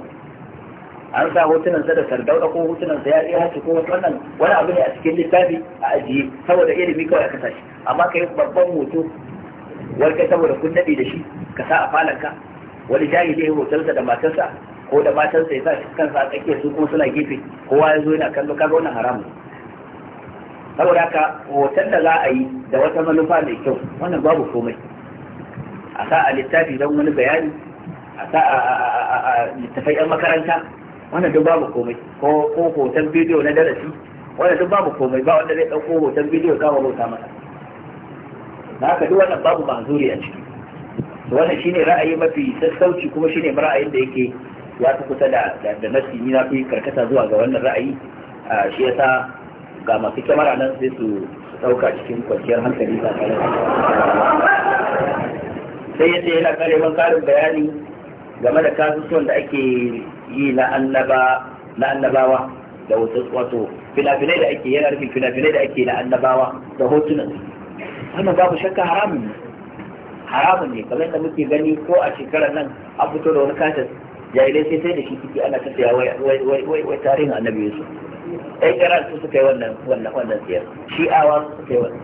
an sa hotunan da sardauna ko hotunan ya iya hace ko wannan wani abu ne a cikin littafi a ajiye saboda ilimi kawai aka sashi amma kai babban hoto warke saboda kun dade da shi ka sa a ka. wani jahili ya hotonsa da matarsa ko da matarsa ya sa kansa a tsakiyar su kuma suna gefe kowa ya zo yana kallo kaga wannan haramun saboda haka hoton da za a yi da wata manufa mai kyau wannan babu komai a sa a littafi don wani bayani a sa a littafai yan makaranta wannan duk babu komai ko hoton bidiyo na darasi wannan duk babu komai ba wanda zai ɗauko hoton bidiyo mu bauta masa na haka duk wannan babu manzuri a ciki wannan shine ra'ayi mafi sassauci kuma shine ra'ayin da yake ya fi kusa da da nasi ni na fi karkata zuwa ga wannan ra'ayi shi yasa ga masu kyamara nan sai su ɗauka cikin kwanciyar hankali ba tare sai ya ce yana kareman karin bayani game da kasusuwan da ake yi na annabawa da wato fina-finai da ake yana rufin fina-finai da ake na annabawa da hotunan wannan babu shakka haramun ne haramun ne kamar da muke gani ko a shekarar nan an fito da wani kashin jahilai sai sai da shi kiki ana ta saya wai tarihin annabi yusuf ɗan kiran su suka yi wannan wannan wannan shi'awa su suka yi wannan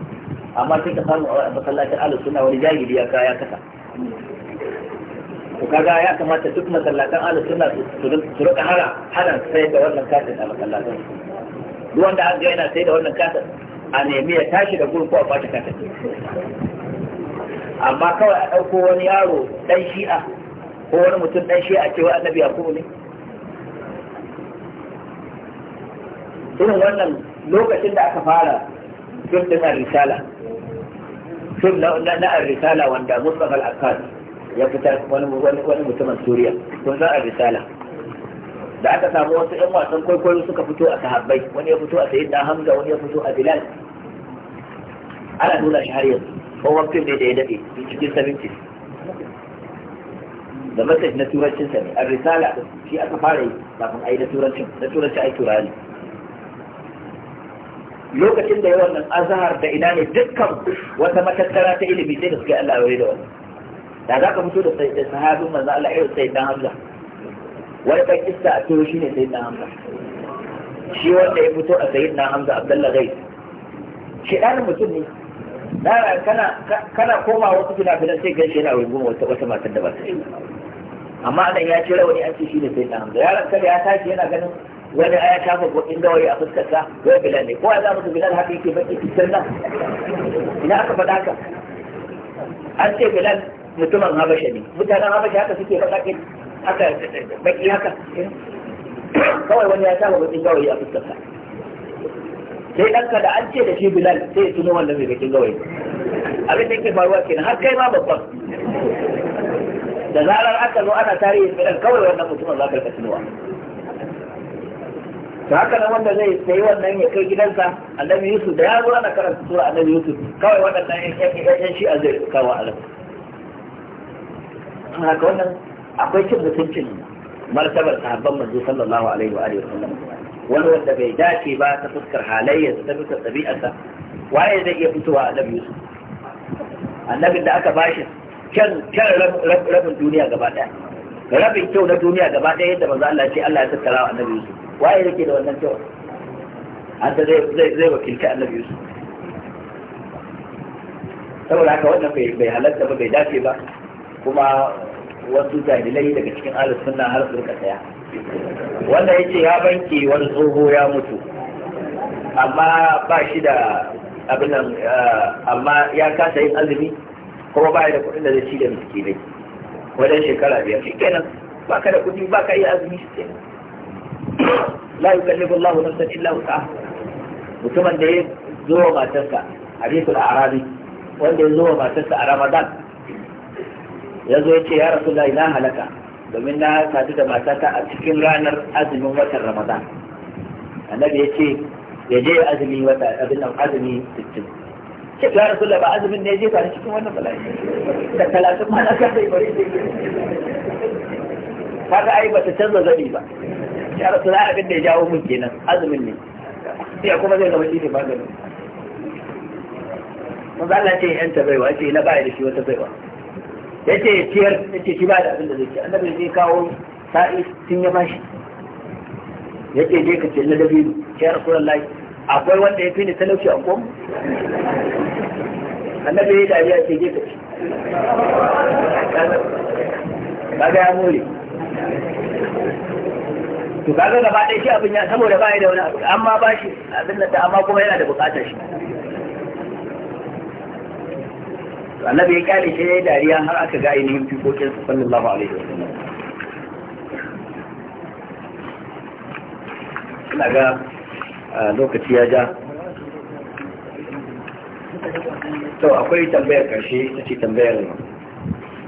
amma sai ka samu a masallacin alu suna wani jahili ya kaya kasa ko kaga ya kamata duk masallatan ala sunna su rika hana hana sai da wannan katin a masallatan duk wanda an ga yana sai da wannan katin a nemi ya tashi da ko a bata katin amma kawai a ɗauko wani yaro ɗan shi'a ko wani mutum ɗan shi'a cewa annabi ya ne irin wannan lokacin da aka fara jirgin risala fim na ar-risala wanda Mustafa al-Akkad ya fitar wani mutumin Suriya sun san ar-risala da aka samu wasu 'yan wasan kwaikwayo suka fito a sahabbai wani ya fito a da Hamza wani ya fito a Bilal ana nuna shi har yanzu ko wakil ne da ya dade cikin sabinci da masaj na turancinsa ne a risala shi aka fara yi kafin a yi na turancin na turancin ai turani lokacin da yawan nan azhar da ina ne dukkan wata matattara ta ilimi sai da suke Allah ya da wani. da za ka fito da sahabin manzo Allah irin sai dan Hamza wani kan kista a cewa shine sai dan Hamza shi wanda ya fito a sayyid dan Hamza Abdullah Gai shi dan mutum ne dara kana kana koma wasu fina-finan sai gaishe yana rungun wata wata matar da ba ta amma anan ya ce rawani an ce shine sai dan Hamza yaron kada ya tashi yana ganin wani ya shafa bakin gawayi a fuskarsa wai bilal ne ko ya zama bilal haka yake baki fitar nan ina aka faɗa ka an ce bilal mutumin habasha ne mutanen habasha haka suke baƙaƙe haka baki haka kawai wani ya shafa bakin gawayi a fuskarsa sai ɗanka da an ce da shi bilal sai ya tuno wannan mai bakin gawayi abin da yake faruwa kenan har kai ma babban da zarar aka zo ana tarihin bilal kawai wannan mutumin za ka rika tunowa to haka nan wanda zai sayi wannan ya kai gidansa annabi yusuf da ya zo ana karanta sura annabi yusuf kawai waɗannan yan a zai kawo alam haka wannan akwai cin mutuncin martabar sahabban manzo sallallahu alaihi wa alihi wasallam wani wanda bai dace ba ta fuskar halayyarsa ta fuskar ɗabi'arsa waye zai iya fitowa annabi yusuf annabin da aka bashi kyan kyan rabin duniya gaba ɗaya rabin kyau na duniya gaba ɗaya yadda manzo Allah ya ce Allah ya tattara wa annabi yusuf waye yake da wannan cewa an ta zai wakilci annabi yusuf saboda haka wannan bai halatta ba bai dace ba kuma wasu jahilai daga cikin ahlus sunna har su rika saya wanda yace ya banke wani tsoho ya mutu amma ba shi da abin nan eh, amma ya kasa yin azumi kuma ba da kuɗin da zai ci da miskilai wajen shekara biyar shi kenan ba ka da kuɗi ba ka yi azumi shi kenan la yukallifu Allahu nafsan illa wus'aha mutumin da ya zo wa matarsa hadithul arabi wanda ya zo wa matarsa a Ramadan ya zo ya ce ya Rasulullahi na halaka domin na sadu da matata a cikin ranar azumin watan Ramadan annabi ya ce ya je azumi wata abin nan azumi 60 ce ya rasu da ba azumin ne ya je tare cikin wannan bala'i da talatin ma na kan bai bari da kaga ai bata canza zani ba ya rasu na da ya jawo mun kenan azumin ne sai kuma zai gaba shi ne maganin mun zalla ce yan ta baiwa ce na baya da shi wata baiwa ya ce ciyar ya ce shi ba da abin da zai ce annabi zai kawo sa'i sun ya bashi ya ce je ka ce na dabiru ya rasu lallai akwai wanda ya fi ni talauci a kom annabi ya dariya ce je ka ce ga ya more to kaga gaba ɗaya shi abin ya saboda ba da wani abu amma ba shi abin da amma kuma yana da buƙatar shi annabi ya kyale shi ya yi dariya har aka ga ainihin fikokin sallallahu alaihi wasallam ina ga lokaci ya ja to akwai tambayar karshe ita ce tambayar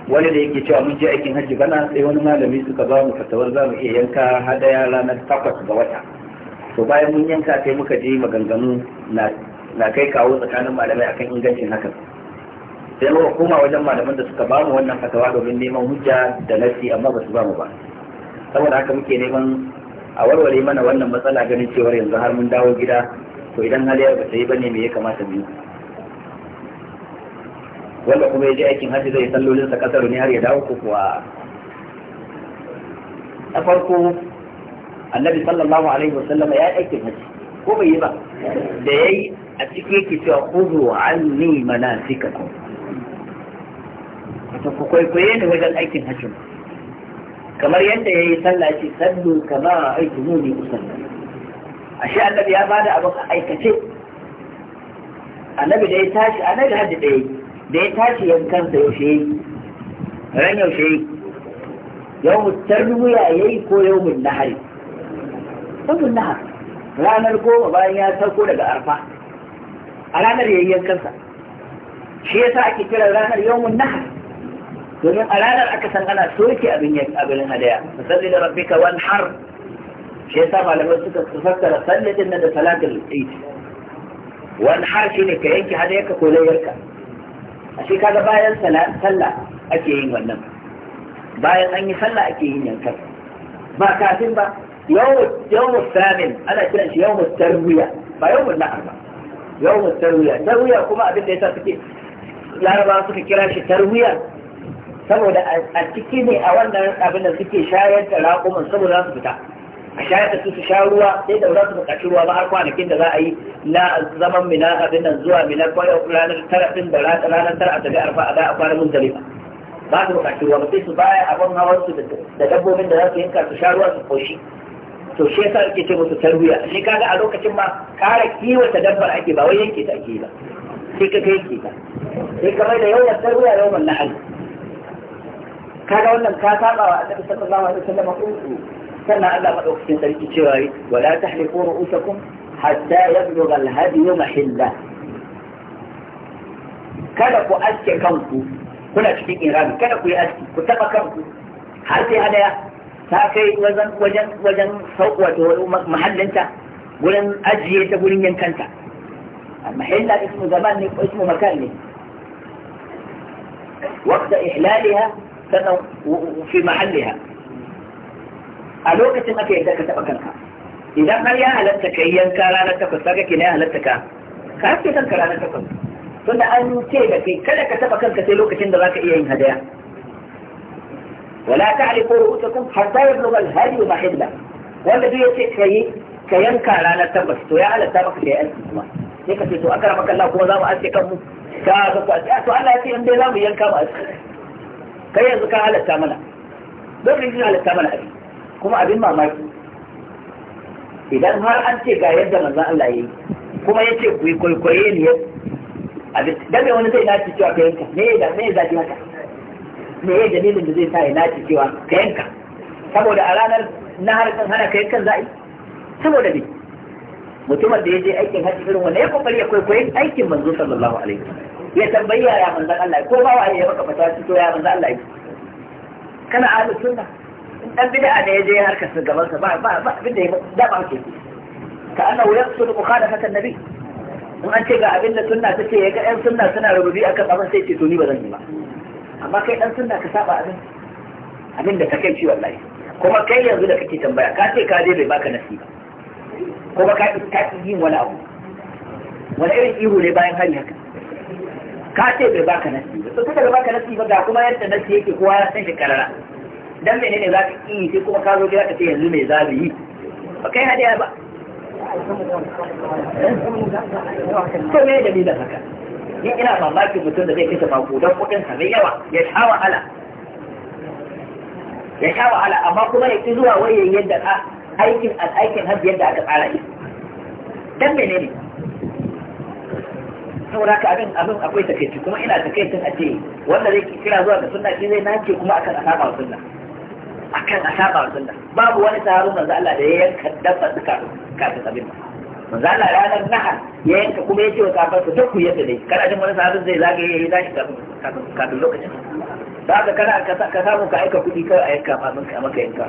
wani da yake cewa mun je aikin hajji bana sai wani malami suka ba mu fatawar za mu iya yanka hadaya ranar takwas ga wata to bayan mun yanka sai muka je maganganu na kai kawo tsakanin malamai akan ingancin hakan sai muka koma wajen malaman da suka ba mu wannan fatawa domin neman hujja da nasi amma ba su ba mu ba saboda haka muke neman a warware mana wannan matsala ganin cewar yanzu har mun dawo gida to idan haliyar ba ta yi ba ne me ya kamata mu yi wanda kuma ya je aikin hajji zai sallolin sa kasar ne har ya dawo ko kuwa na farko annabi sallallahu alaihi wasallama ya aikin hajji ko bai yi ba da yayi a cikin yake cewa kudu anni manasikakum wato ku kwaikwaye ni wajen aikin hajji kamar yadda yayi sallah ce sallu kama ne usalli ashe annabi ya bada abin aikace annabi da ya tashi annabi hajji da yayi da ya tashi kansa yaushe yi ran yaushe yi yau tarwiya ya yi ko yau mun nahari yau nahar ranar goma bayan ya sauko daga arfa a ranar ya yi kansa. shi yasa ake kiran ranar yau mun nahar domin a ranar aka san ana soke abin abin hadaya musalli da rabbika wan har shi yasa malamai suka fassara sallatin da salatul eid wan har shine ka yanke hadayarka ko layyarka a shi kaga bayan sallah ake yin wannan bayan an yi sallah ake yin yankan ba kafin ba yawon samin ana kiran shi yawon tarwiya ba yawon na'ar ba yawon tarwiya tarwiya kuma abin da ya sa suke larabawa suka kira shi tarwiya saboda a ciki ne a wannan abin da suke shayar da raƙumin saboda su fita a shayar da su su sha ruwa sai da za su buƙaci ruwa ba har kwanakin da za a yi na zaman mina abin nan zuwa mina kwanan ranar tarafin da ranar tara a tafi arfa a za a kwana mun zalifa ba su buƙaci ruwa ba sai su baya abin hawan su da dabbobin da za su yanka su sha ruwa su koshi to shi yasa ake ce musu tarbiya shi kaga a lokacin ma kara kiwata dabbar ake ba wai yanke ta ake ba sai ka ke ta sai kamar da yawan tarbiya yawan na'al kaga wannan ka saba wa annabi sallallahu alaihi wasallam ku sannan Allah maɗaukakin sarki cewa yi wala tahliqu ru'usakum hatta yablugha al-hadi mahilla kada ku aske kanku kuna cikin irami kada ku yi aski ku taba kanku har sai hadaya ta kai wajen wajen wajen wato mahallinta gurin ajiye ta gurin yankanta المحلة اسم زمان اسم مكان لي وقت إحلالها في محلها a lokacin aka yadda ka taɓa kanka idan har ya halatta ka yanka ranar takwas ka kake na ya halatta ka ka haske kanka ranar takwas tunda an ce da kai kada ka taɓa kanka sai lokacin da za ka iya yin hadaya ولا تعرفوا رؤوسكم حتى يبلغ الهدي محله wanda duk yace kai ka yanka ranar takwas, to ya halatta maka da aiki kuma sai ka ce to akara maka kallon kuma za mu aske kanmu ka ga ku aske to Allah ya ce in dai za mu yanka mu aske kai yanzu ka halatta mana dole ne halatta mana aiki kuma abin mamaki idan har an ce ga yadda manzan Allah ya yi kuma ya ce kuyi kwaikwaye ne da mai wani zai naci cewa ka yanka me ya zaji haka me ya dalilin da zai sa ya naci cewa ka yanka saboda a ranar na harkar hana ka yankan za'i saboda me mutumin da ya je aikin haji irin wannan ya kokari ya kwaikwaye aikin manzo sallallahu alaihi ya tambayi ya manzan Allah ko ba wa ya maka fata to ya manzan Allah kana ahlus sunna dan bid'a ne je harkar su gaban sa ba ba abin da da ba ke ka da yaqsudu mukhalafatan nabi in an ce ga abin da sunna take ya ga yan sunna suna rububi akan abin sai ce to ni ba zan yi ba amma kai ɗan sunna ka saba abin abin da kake ci wallahi kuma kai yanzu da kake tambaya ka ce ka je bai baka nasiba kuma ka ka yin wani abu wani irin ihu ne bayan hari haka ka ce bai baka nasiba to kada baka nasiba ga kuma yadda nasi yake kowa ya san shi karara dan mene ne za ka yi sai kuma ka zo gida ka ce yanzu me za mu yi ba kai hadiya ba to me dalilin haka ni ina mamakin mutum da zai kashe mako don kudin sa mai yawa ya sha wahala ya sha wahala amma kuma ya ki zuwa wayan yadda ka aikin aikin har yadda aka tsara shi dan mene ne saboda ka abin abin akwai takaici kuma ina takaicin a ce wanda zai kira zuwa ga sunna shi zai nace kuma akan saba sunna akan a saba wa sunna babu wani sahabin manzo Allah da ya yanka dabba duka kafin abin manzo Allah ranar nahar ya yanka kuma ya ce wa sahabban su duk ku yadda dai kada jin wani sahabin zai zagaye ya yi dashi kafin lokacin ba ka kana ka samu ka aika kuɗi kawai a yanka ma a maka yanka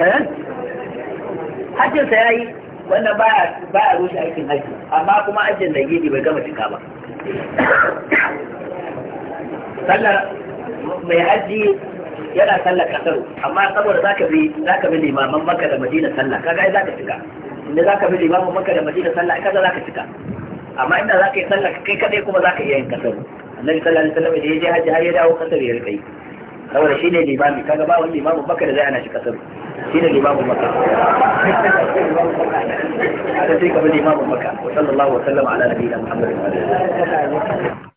eh? hajjinsa ya yi wannan baya rushe aikin hajji amma kuma ajin da gidi bai gama cika ba sallar mai hajji yana sallar kasaru amma saboda zaka bi zaka bi limaman makka da madina sallah kaga ai zaka cika inda zaka bi limaman makka da madina sallah kaga zaka cika amma inda zaka yi sallah kai kadai kuma zaka iya yin kasaru annabi sallallahu alaihi wasallam ya je hajji har ya dawo kasaru ya rika saboda shi ne limami kaga ba wani limamin baka da zai ana shi kasar shi ne limamin baka da sai kamar limamin baka wa sallallahu wa sallama ala nabiyina muhammadin wa